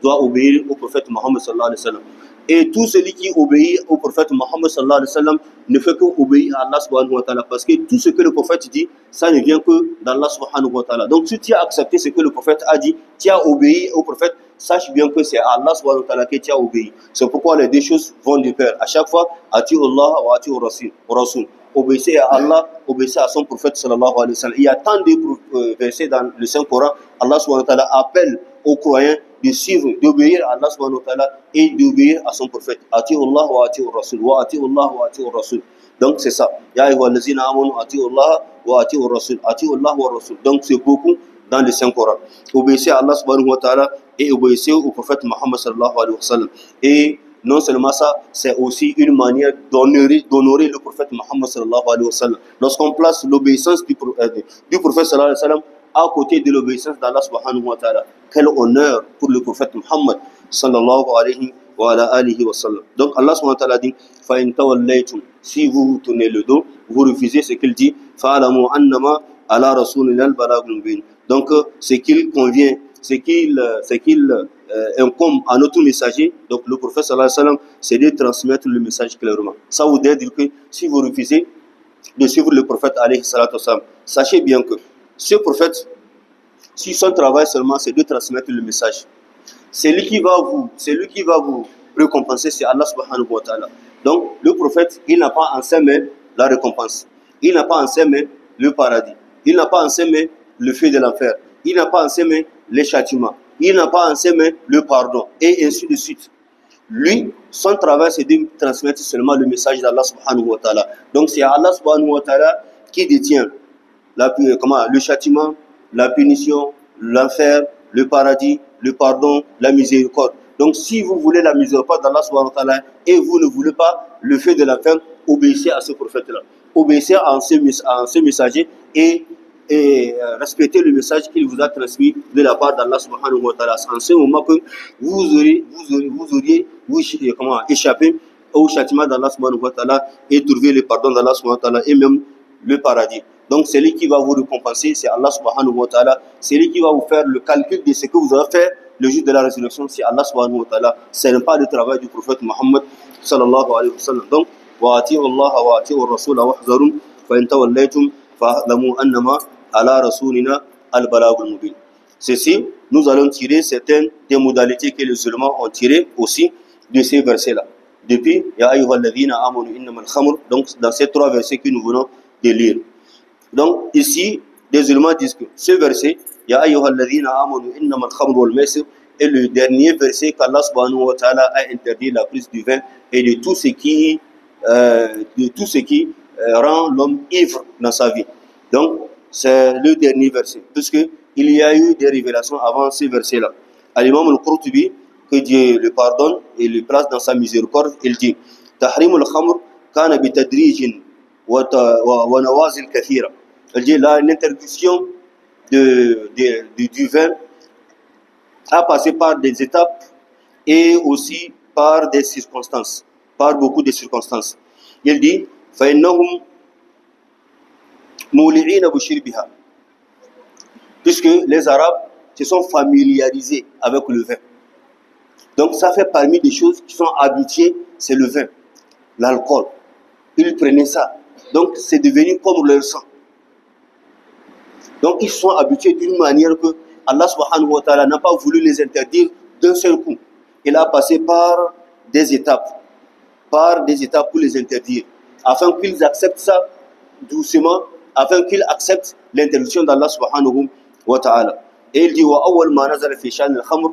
doit obéir au prophète Mohammed sallallahu alayhi wa Et tout celui qui obéit au prophète Mohammed sallallahu alayhi wa sallam ne fait qu'obéir à Allah subhanahu ta'ala. Parce que tout ce que le prophète dit, ça ne vient que d'Allah subhanahu wa ta'ala. Donc si tu as accepté ce que le prophète a dit, tu as obéi au prophète, sache bien que c'est à Allah subhanahu wa ta'ala que tu as obéi. C'est pourquoi les deux choses vont de pair. À chaque fois, ati Allah ou ati Rasul obéissez à Allah, obéissez à son prophète sallallahu alayhi wa sallam. Il y a tant de euh, versets dans le Saint-Coran, Allah subhanahu wa ta'ala appelle aux croyants de suivre, d'obéir à Allah subhanahu wa ta'ala et d'obéir à son prophète. Allah wa ati'u rasul, wa ati'u Allah wa ati'u rasul. Donc c'est ça. Ya ayyuhallazina amanu ati'u Allah wa ati'u rasul, ati'u Allah wa rasul. Donc c'est beaucoup dans le Saint-Coran. Obéissez à Allah subhanahu wa ta'ala et obéissez au prophète Muhammad sallallahu alayhi wa sallam. Et non seulement ça, c'est aussi une manière d'honorer, le prophète Mohammed sallallahu alayhi wa sallam. Lorsqu'on place l'obéissance euh, du, prophète sallallahu alayhi wa sallam à côté de l'obéissance d'Allah subhanahu wa ta'ala, quel honneur pour le prophète Mohammed sallallahu alayhi wa wa sallam. Donc Allah subhanahu wa ta'ala dit, Si vous vous tournez le dos, vous refusez ce qu'il dit, فَعَلَمُوا أَنَّمَا عَلَى رَسُولِنَا الْبَلَاغُ Donc, euh, ce qu'il convient, ce qu'il, euh, ce qu'il euh, Comme un notre messager, donc le prophète sallallahu alayhi wa sallam, c'est de transmettre le message clairement. Ça vous dire que si vous refusez de suivre le prophète alayhi sallam, sachez bien que ce prophète, si son travail seulement c'est de transmettre le message, c'est lui qui va vous, c'est lui qui va vous récompenser, c'est Allah subhanahu wa ta'ala. Donc le prophète, il n'a pas en ses mains la récompense. Il n'a pas en ses mains le paradis. Il n'a pas en ses mains le feu de l'enfer. Il n'a pas en ses mains les châtiments il n'a pas en le pardon, et ainsi de suite. Lui, son travail, c'est de transmettre seulement le message d'Allah subhanahu wa ta'ala. Donc c'est Allah subhanahu wa ta'ala qui détient la, euh, comment, le châtiment, la punition, l'enfer, le paradis, le pardon, la miséricorde. Donc si vous voulez la miséricorde d'Allah subhanahu wa ta'ala et vous ne voulez pas le fait de la fin, obéissez à ce prophète-là. Obéissez à ce, à ce messager et et euh, respecter le message qu'il vous a transmis de la part d'Allah subhanahu wa ta'ala. En ce moment que vous auriez, vous auriez, vous auriez euh, comment, échappé au châtiment d'Allah subhanahu wa ta'ala et trouver le pardon d'Allah subhanahu wa ta'ala et même le paradis. Donc c'est lui qui va vous récompenser, c'est Allah subhanahu wa ta'ala, c'est lui qui va vous faire le calcul de ce que vous avez fait le jour de la résurrection, c'est Allah subhanahu wa ta'ala. Ce n'est pas le travail du prophète Mohammed sallallahu alayhi wa sallam. Donc, wa ati'u Allah wa ati'u Rasul wa Ceci, nous allons tirer certaines des modalités que les musulmans ont tirées aussi de ces versets-là. Depuis, ya amanu khamr, donc dans ces trois versets que nous venons de lire. Donc ici, les musulmans disent que ce verset, ya amanu khamr wal est le dernier verset qu'Allah subhanahu wa ta'ala a interdit la prise du vin et de tout ce qui, euh, de tout ce qui euh, rend l'homme ivre dans sa vie. Donc, c'est le dernier verset, puisque il y a eu des révélations avant ces versets-là. À l'imam al-Qurtubi, que Dieu le pardonne et le place dans sa miséricorde, il dit Tahrim al-Khamr kana bitadrijin wa kathira. Il dit là, l'interdiction du vin a passé par des étapes et aussi par des circonstances, par beaucoup de circonstances. Il dit فإنهم puisque les Arabes se sont familiarisés avec le vin. Donc ça fait parmi des choses qui sont habituées, c'est le vin, l'alcool. Ils prenaient ça. Donc c'est devenu comme leur sang. Donc ils sont habitués d'une manière que Allah subhanahu wa ta'ala n'a pas voulu les interdire d'un seul coup. Il a passé par des étapes, par des étapes pour les interdire afin qu'ils acceptent ça doucement, afin qu'ils acceptent l'interdiction d'Allah subhanahu wa ta'ala. Et il dit, wa awal ma nazala fi shan al-khamr,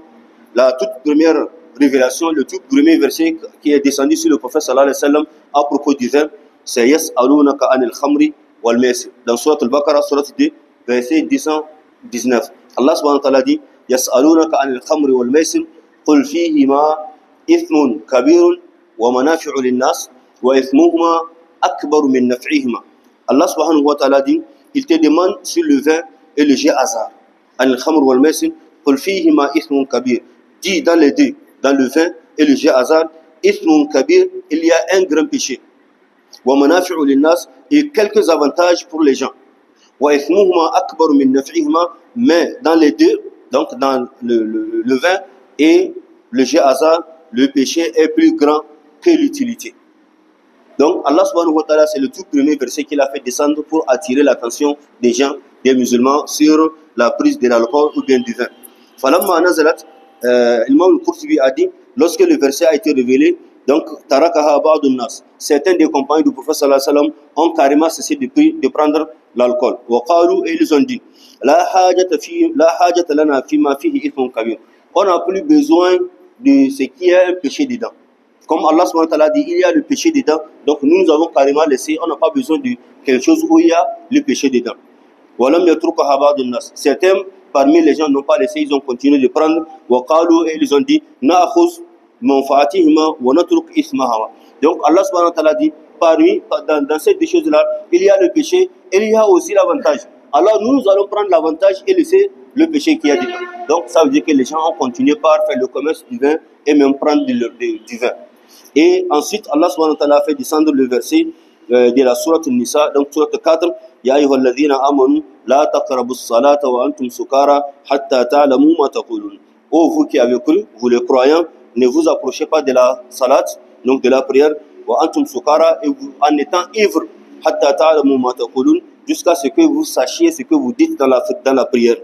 la toute première révélation, le tout premier verset qui est descendu sur le prophète sallallahu alayhi wa sallam à propos du c'est yas'alunaka an al-khamri wal maisir. Dans surat al-Baqarah, surat 2, verset 119. Allah subhanahu wa ta'ala dit, yas'alunaka an al-khamri wal maisir, قل فيهما إثم كبير ومنافع wa ithmuhuma akbaru min naf'ihima. Allah subhanahu wa ta'ala dit il te demande sur le vin et le jet hasard. Al-khamr wal maisir, qul fihima ithmun kabir. dit dans les deux, dans le vin et le jet hasard, ithmun kabir, il y a un grand péché. Wa manafi'u linnas et quelques avantages pour les gens. Wa ithmuhuma akbaru min naf'ihima, mais dans les deux, donc dans le, le, vin et le jet hasard, le péché est plus grand que l'utilité. Donc Allah subhanahu wa ta'ala, c'est le tout premier verset qu'il a fait descendre pour attirer l'attention des gens, des musulmans, sur la prise de l'alcool ou bien du vin. Falamma nazalat, zalat, al m'a a dit, lorsque le verset a été révélé, donc, tarakaha baadun nas. Certains des compagnons du prophète sallallahu alayhi wa sallam ont carrément cessé de, prendre l'alcool. Wa qalu, et ils ont dit, la hajata fi, la lana fi ma fihi kabir. On n'a plus besoin de ce qui est un péché dedans. Comme Allah dit, il y a le péché dedans. Donc nous, nous avons carrément laissé, on n'a pas besoin de quelque chose où il y a le péché dedans. Certains parmi les gens n'ont pas laissé, ils ont continué de prendre. Et ils ont dit, donc Allah subhanahu wa dit, parmi, dans, ces deux choses-là, il y a le péché et il y a aussi l'avantage. Alors nous, allons prendre l'avantage et laisser le péché qui a dedans. Donc ça veut dire que les gens ont continué par faire le commerce du vin et même prendre du vin. Et ensuite, Allah subhanahu a fait descendre le verset euh, de la sourate Nisa, donc sourate 4, Ya ayyuhalladhina amanu la taqrabus salata wa antum sukara hatta ta'lamu ma taqulun. Oh vous qui avez cru, vous les croyants, ne vous approchez pas de la salat, donc de la prière, wa antum sukara et en étant ivre, hatta ta'lamu ma taqulun, jusqu'à ce que vous sachiez ce que vous dites dans la, dans la prière.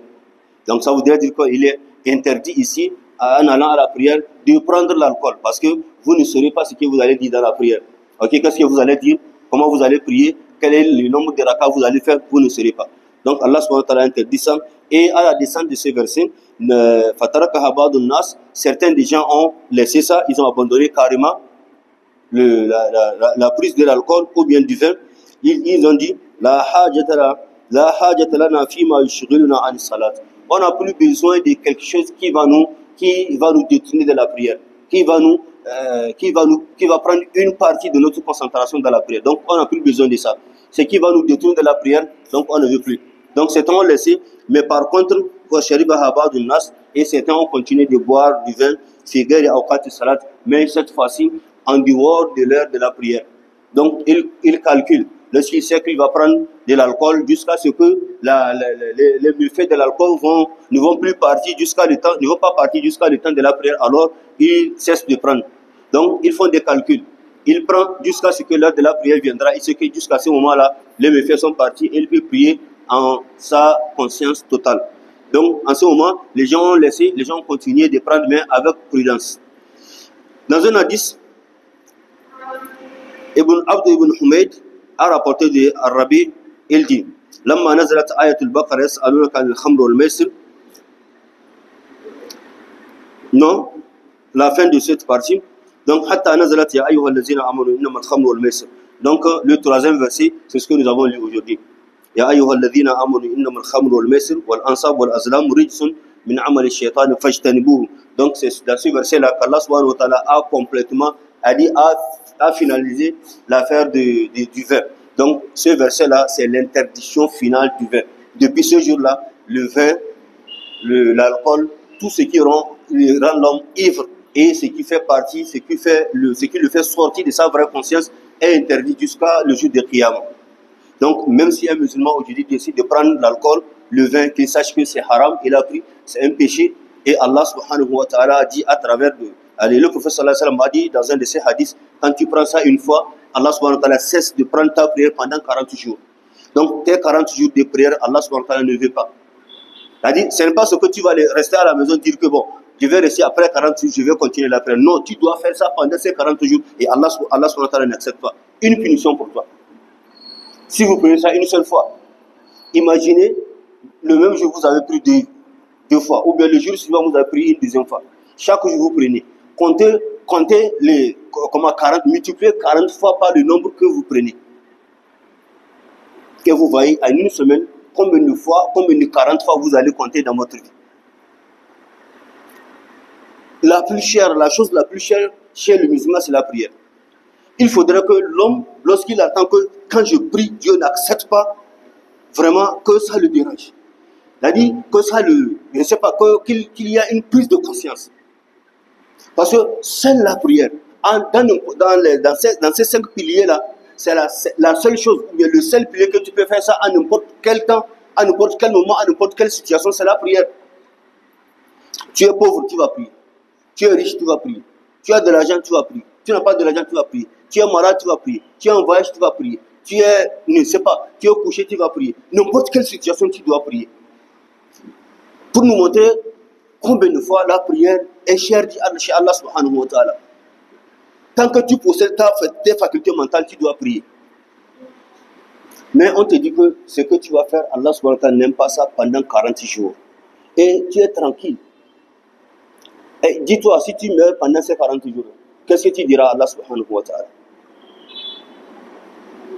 Donc ça voudrait dire qu'il est interdit ici, en allant à la prière, de prendre l'alcool. Parce que vous ne saurez pas ce que vous allez dire dans la prière. Ok, qu'est-ce que vous allez dire Comment vous allez prier Quel est le nombre de rakats que vous allez faire Vous ne saurez pas. Donc Allah subhanahu wa ta'ala interdit ça. Et à la descente de ce verset, certains des gens ont laissé ça, ils ont abandonné carrément la, prise de l'alcool ou bien du vin. Ils, ont dit, la On n'a plus besoin de quelque chose qui va nous, qui va nous détourner de la prière, qui va nous euh, qui, va nous, qui va prendre une partie de notre concentration dans la prière. Donc, on n'a plus besoin de ça. Ce qui va nous détourner de la prière, donc on ne veut plus. Donc, c'est on laissé. Mais par contre, et temps on continue de boire du vin, figuer et aukat salat, mais cette fois-ci, en dehors de l'heure de la prière. Donc, il, il calcule. Lorsqu'il sait qu'il va prendre de l'alcool jusqu'à ce que la, les, les, buffets de l'alcool vont, ne vont plus partir jusqu'à le temps, ne vont pas partir jusqu'à le temps de la prière, alors il cesse de prendre. Donc, ils font des calculs. Il prend jusqu'à ce que l'heure de la prière viendra et sait que jusqu'à ce moment-là, les méfaits sont partis et il peut prier en sa conscience totale. Donc, en ce moment, les gens ont laissé, les gens ont continué de prendre main avec prudence. Dans un indice, Ibn Abd ibn Humayd a rapporté de Arabi, il dit Non, la fin de cette partie, donc, Hatta nazalat ya ayyuhallazina amanu innamal khamru wal maisir. Donc, euh, le troisième verset, c'est ce que nous avons lu aujourd'hui. Ya ayyuhallazina amanu innamal khamru wal maisir wal ansab wal azlam rijsun min amali shaitan fajtanibuh ». Donc, c'est dans ce verset-là qu'Allah subhanahu wa ta'ala a complètement, a dit, a, a finalisé l'affaire du, du, du vin. Donc, ce verset-là, c'est l'interdiction finale du vin. Depuis ce jour-là, le vin, l'alcool, tout ce qui rend, rend l'homme ivre, et ce qui fait partie, ce qui, fait le, ce qui le fait sortir de sa vraie conscience est interdit jusqu'à le jour de Qiyam. Donc, même si un musulman aujourd'hui décide de prendre l'alcool, le vin, qu'il sache que c'est haram, il a pris, c'est un péché, et Allah subhanahu wa ta'ala a dit à travers de, allez, le prophète sallallahu alayhi wa sallam a dit dans un de ses hadiths, quand tu prends ça une fois, Allah subhanahu wa ta'ala cesse de prendre ta prière pendant 40 jours. Donc, tes 40 jours de prière, Allah subhanahu wa ta'ala ne veut pas. C'est-à-dire, ce n'est pas ce que tu vas rester à la maison dire que bon, je vais rester après 40 jours, je vais continuer la Non, tu dois faire ça pendant ces 40 jours et Allah, Allah n'accepte pas. Une punition pour toi. Si vous prenez ça une seule fois, imaginez le même jour vous avez pris deux, fois, ou bien le jour suivant vous avez pris une deuxième fois. Chaque jour vous prenez. Comptez, comptez les comment 40, multipliez 40 fois par le nombre que vous prenez. Que vous voyez en une semaine, combien de fois, combien de 40 fois vous allez compter dans votre vie la plus chère, la chose la plus chère chez le musulman, c'est la prière. Il faudrait que l'homme, lorsqu'il attend que quand je prie, Dieu n'accepte pas vraiment que ça le dérange. Il a dit que ça le, je ne sais pas, qu'il y a une prise de conscience. Parce que seule la prière, dans, dans, ces, cinq piliers-là, c'est la, seule chose, le seul pilier que tu peux faire ça à n'importe quel temps, à n'importe quel moment, à n'importe quelle situation, c'est la prière. Tu es pauvre, tu vas prier. Tu es riche, tu vas prier. Tu as de l'argent, tu vas prier. Tu n'as pas de l'argent, tu vas prier. Tu es malade, tu vas prier. Tu es en voyage, tu vas prier. Tu es, ne sais pas, tu es couché, tu vas prier. N'importe quelle situation, tu dois prier. Pour nous montrer combien de fois la prière est chère chez Allah subhanahu wa ta'ala. Tant que tu possèdes ta, tes facultés mentales, tu dois prier. Mais on te dit que ce que tu vas faire, Allah subhanahu wa ta'ala n'aime pas ça pendant 40 jours. Et tu es tranquille. Et eh, dis-toi, si tu meurs pendant ces 40 jours, qu'est-ce que tu diras à Allah subhanahu wa ta'ala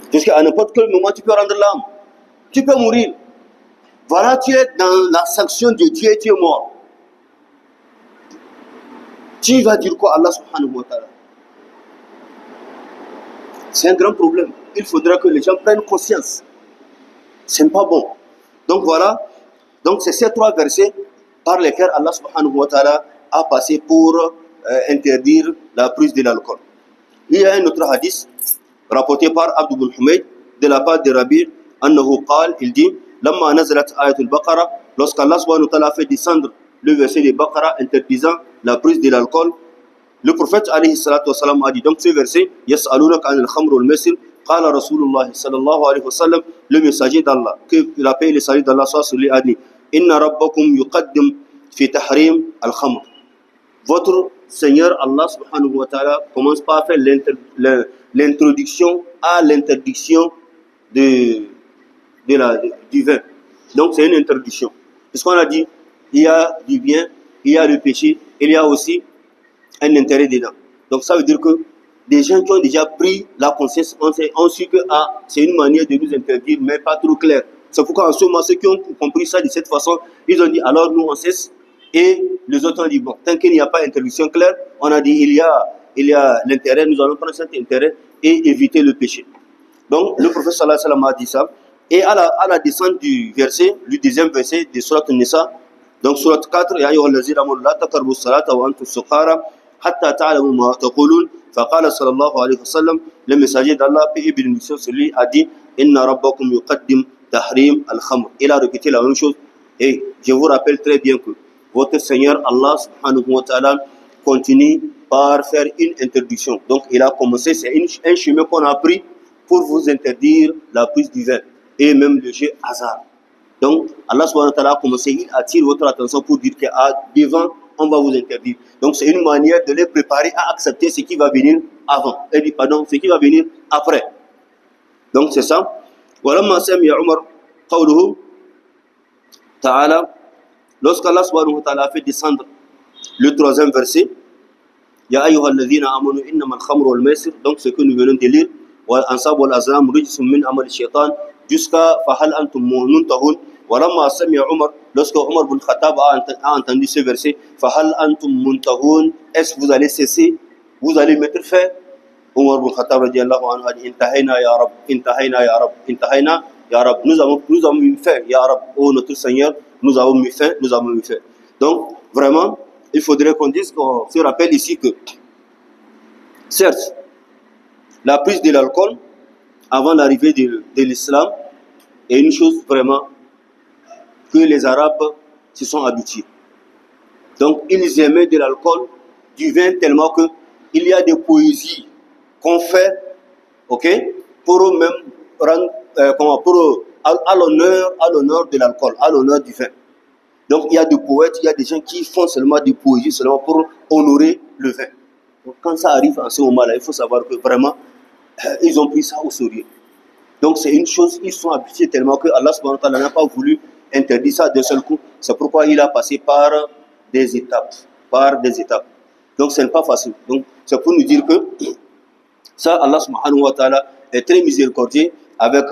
qu'à n'importe quel moment, tu peux rendre l'âme. Tu peux mourir. Voilà, tu es dans la sanction de Dieu et tu es mort. Tu vas dire quoi à Allah subhanahu wa ta'ala C'est un grand problème. Il faudra que les gens prennent conscience. Ce n'est pas bon. Donc voilà. Donc c'est ces trois versets par lesquels Allah subhanahu wa ta'ala a passé pour euh, interdire la prise de l'alcool. Il y a un autre hadith rapporté par Abdul Humayd de la part de Rabbi Annahu il dit Lama nazalat ayatul Baqara, lorsqu'Allah subhanahu wa ta'ala fait descendre le verset de Baqara interdisant la prise de l'alcool, le prophète alayhi salatu a dit donc ce verset Yas'alunak an al-khamr mesir qala Rasulullah sallallahu alayhi wa sallam, le messager d'Allah, que la paix et le salut d'Allah soit sur lui, a dit Inna rabbakum yuqaddim fi tahrim al-khamr votre Seigneur Allah subhanahu wa ta'ala commence par faire l'introduction à l'interdiction de, de, du vin. Donc c'est une interdiction. Parce qu'on a dit, il y a du bien, il y a le péché, il y a aussi un intérêt dedans. Donc ça veut dire que des gens qui ont déjà pris la conscience on sait su que ah, c'est une manière de nous interdire, mais pas trop clair. C'est pourquoi en ce moment, ceux qui ont compris ça de cette façon, ils ont dit alors nous on cesse et les autres dit, bon, tant qu'il n'y a pas d'interdiction claire, on a dit, il y a il y a l'intérêt, nous allons prendre cet intérêt et éviter le péché. Donc, le prophète sallallahu alayhi wa sallam a dit ça. Et à la, à la descente du verset, le deuxième verset de Surat Nisa, donc Surat 4, Ya la hatta le messager d'Allah, et a dit tahrim al Il a répété la même chose. Et je vous rappelle très bien que votre Seigneur Allah continue par faire une interdiction. Donc il a commencé, c'est un chemin qu'on a pris pour vous interdire la prise du vin et même le jeu hasard. Donc Allah a commencé, il attire votre attention pour dire que ah, devant, on va vous interdire. Donc c'est une manière de les préparer à accepter ce qui va venir avant. Et dit, pardon, ce qui va venir après. Donc c'est ça. voilà Omar, قوله Ta'ala lorsque Allah subhanahu wa ta'ala a fait descendre le troisième verset, Ya ayyuha alladhina amanu innama al-khamru wal-maisir, donc ce que nous venons de lire, wal ansab wal azlam rijsum min amal shaytan jusqu'à fahal antum muntahun, wa lamma sami'a Umar, lorsque umar ibn Khattab a entendu ce verset, fahal antum muntahun, est-ce que vous allez cesser, vous allez mettre fin Umar ibn Khattab radiallahu anhu a dit, intahayna ya Rab, intahayna ya Rab, intahayna Ya nous avons, nous avons eu oh notre Seigneur, nous avons eu faim, nous avons eu Donc, vraiment, il faudrait qu'on dise, qu'on se rappelle ici que, certes, la prise de l'alcool, avant l'arrivée de, l'islam, est une chose vraiment que les Arabes se sont habitués. Donc, ils aimaient de l'alcool, du vin, tellement que il y a des poésies qu'on fait, ok, pour eux-mêmes rendre euh, pour, euh, à, l'honneur, à l'honneur de l'alcool, à l'honneur du vin. Donc il y a des poètes, il y a des gens qui font seulement du poésies seulement pour honorer le vin. Donc quand ça arrive en ce moment-là, il faut savoir que vraiment, euh, ils ont pris ça au sérieux. Donc c'est une chose, ils sont habitués tellement que Allah n'a pas voulu interdire ça d'un seul coup. C'est pourquoi il a passé par des étapes, par des étapes. Donc ce n'est pas facile. Donc c'est pour nous dire que ça, Allah est très miséricordieux avec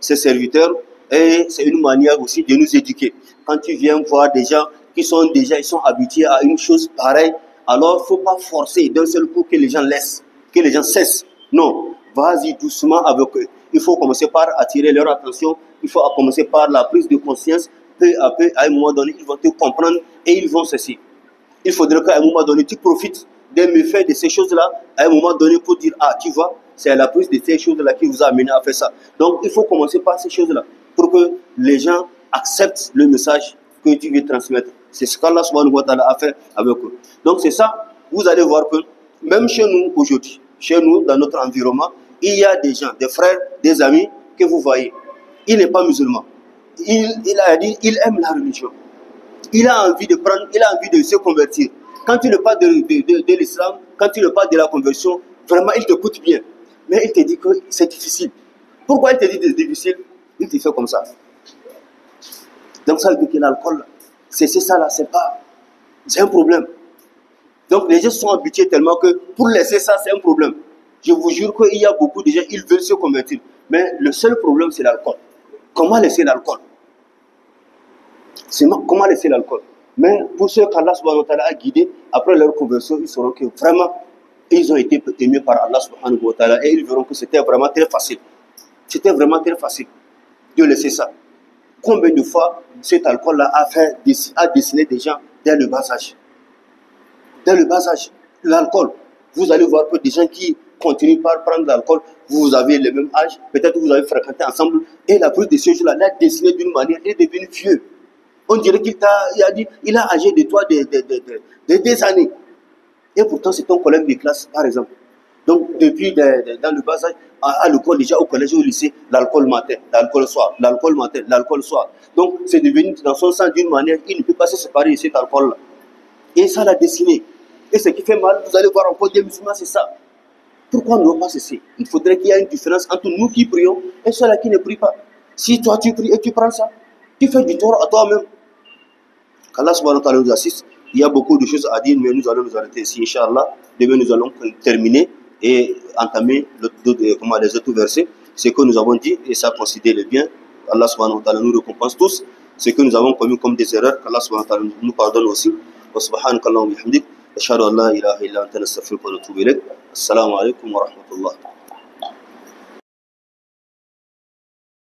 ses euh, serviteurs et c'est une manière aussi de nous éduquer. Quand tu viens voir des gens qui sont déjà ils sont habitués à une chose pareille, alors faut pas forcer d'un seul coup que les gens laissent, que les gens cessent. Non, vas-y doucement avec eux. Il faut commencer par attirer leur attention, il faut commencer par la prise de conscience. Peu à peu, à un moment donné, ils vont te comprendre et ils vont cesser. Il faudrait qu'à un moment donné, tu profites des méfaits de ces choses-là à un moment donné pour dire, ah, tu vois, c'est la prise de ces choses-là qui vous a amené à faire ça. Donc, il faut commencer par ces choses-là pour que les gens acceptent le message que tu veux transmettre. C'est ce qu'Allah a fait avec eux. Donc, c'est ça, vous allez voir que même chez nous aujourd'hui, chez nous, dans notre environnement, il y a des gens, des frères, des amis que vous voyez. Il n'est pas musulman. Il, il a dit, il aime la religion. Il a envie de prendre, il a envie de se convertir. Quand tu le parles de, de, l'islam, quand tu le parles de la conversion, vraiment, il te coûte bien. Mais il te dit que c'est difficile. Pourquoi il te dit que c'est difficile Il te fait comme ça. Donc ça veut dire que l'alcool, c'est ça là, c'est pas... C'est un problème. Donc les gens sont habitués tellement que pour laisser ça, c'est un problème. Je vous jure qu'il y a beaucoup de gens, ils veulent se convertir. Mais le seul problème, c'est l'alcool. Comment laisser l'alcool Comment laisser l'alcool mais pour ceux qu'Allah subhanahu wa ta'ala a guidés, après leur conversion, ils sauront que vraiment, ils ont été aimés par Allah subhanahu wa ta'ala et ils verront que c'était vraiment très facile. C'était vraiment très facile de laisser ça. Combien de fois cet alcool-là a, dessiné des gens dans le bas âge Dès le bas âge, l'alcool, vous allez voir que des gens qui continuent par prendre l'alcool, vous avez le même âge, peut-être que vous avez fréquenté ensemble, et la plus de ce jour-là l'a dessiné d'une manière et devenu vieux. On dirait qu'il il a dit, il a âgé de toi de, des années. Et pourtant, c'est ton collègue de classe, par exemple. Donc, depuis dans le bas à, l'école, déjà au collège ou au lycée, l'alcool matin, l'alcool soir, l'alcool matin, l'alcool soir. Donc, c'est devenu dans son sang d'une manière, il ne peut pas se séparer de cet alcool-là. Et ça l'a dessiné. Et ce qui fait mal, vous allez voir encore des musulmans, c'est ça. Pourquoi ne pas ceci Il faudrait qu'il y ait une différence entre nous qui prions et ceux-là qui ne prient pas. Si toi tu pries et tu prends ça, tu fais du tort à toi-même. Allah subhanahu wa ta'ala nous assiste. Il y a beaucoup de choses à dire, mais nous allons nous arrêter ici, Inch'Allah. Demain, nous allons terminer et entamer le, de, euh, comment, les autres versets. Ce que nous avons dit, et ça considère le bien. Allah subhanahu wa ta'ala nous récompense tous. Ce que nous avons commis comme des erreurs, Allah subhanahu wa ta'ala nous pardonne aussi. Wa subhanaka Allahumma bihamdik. a Assalamu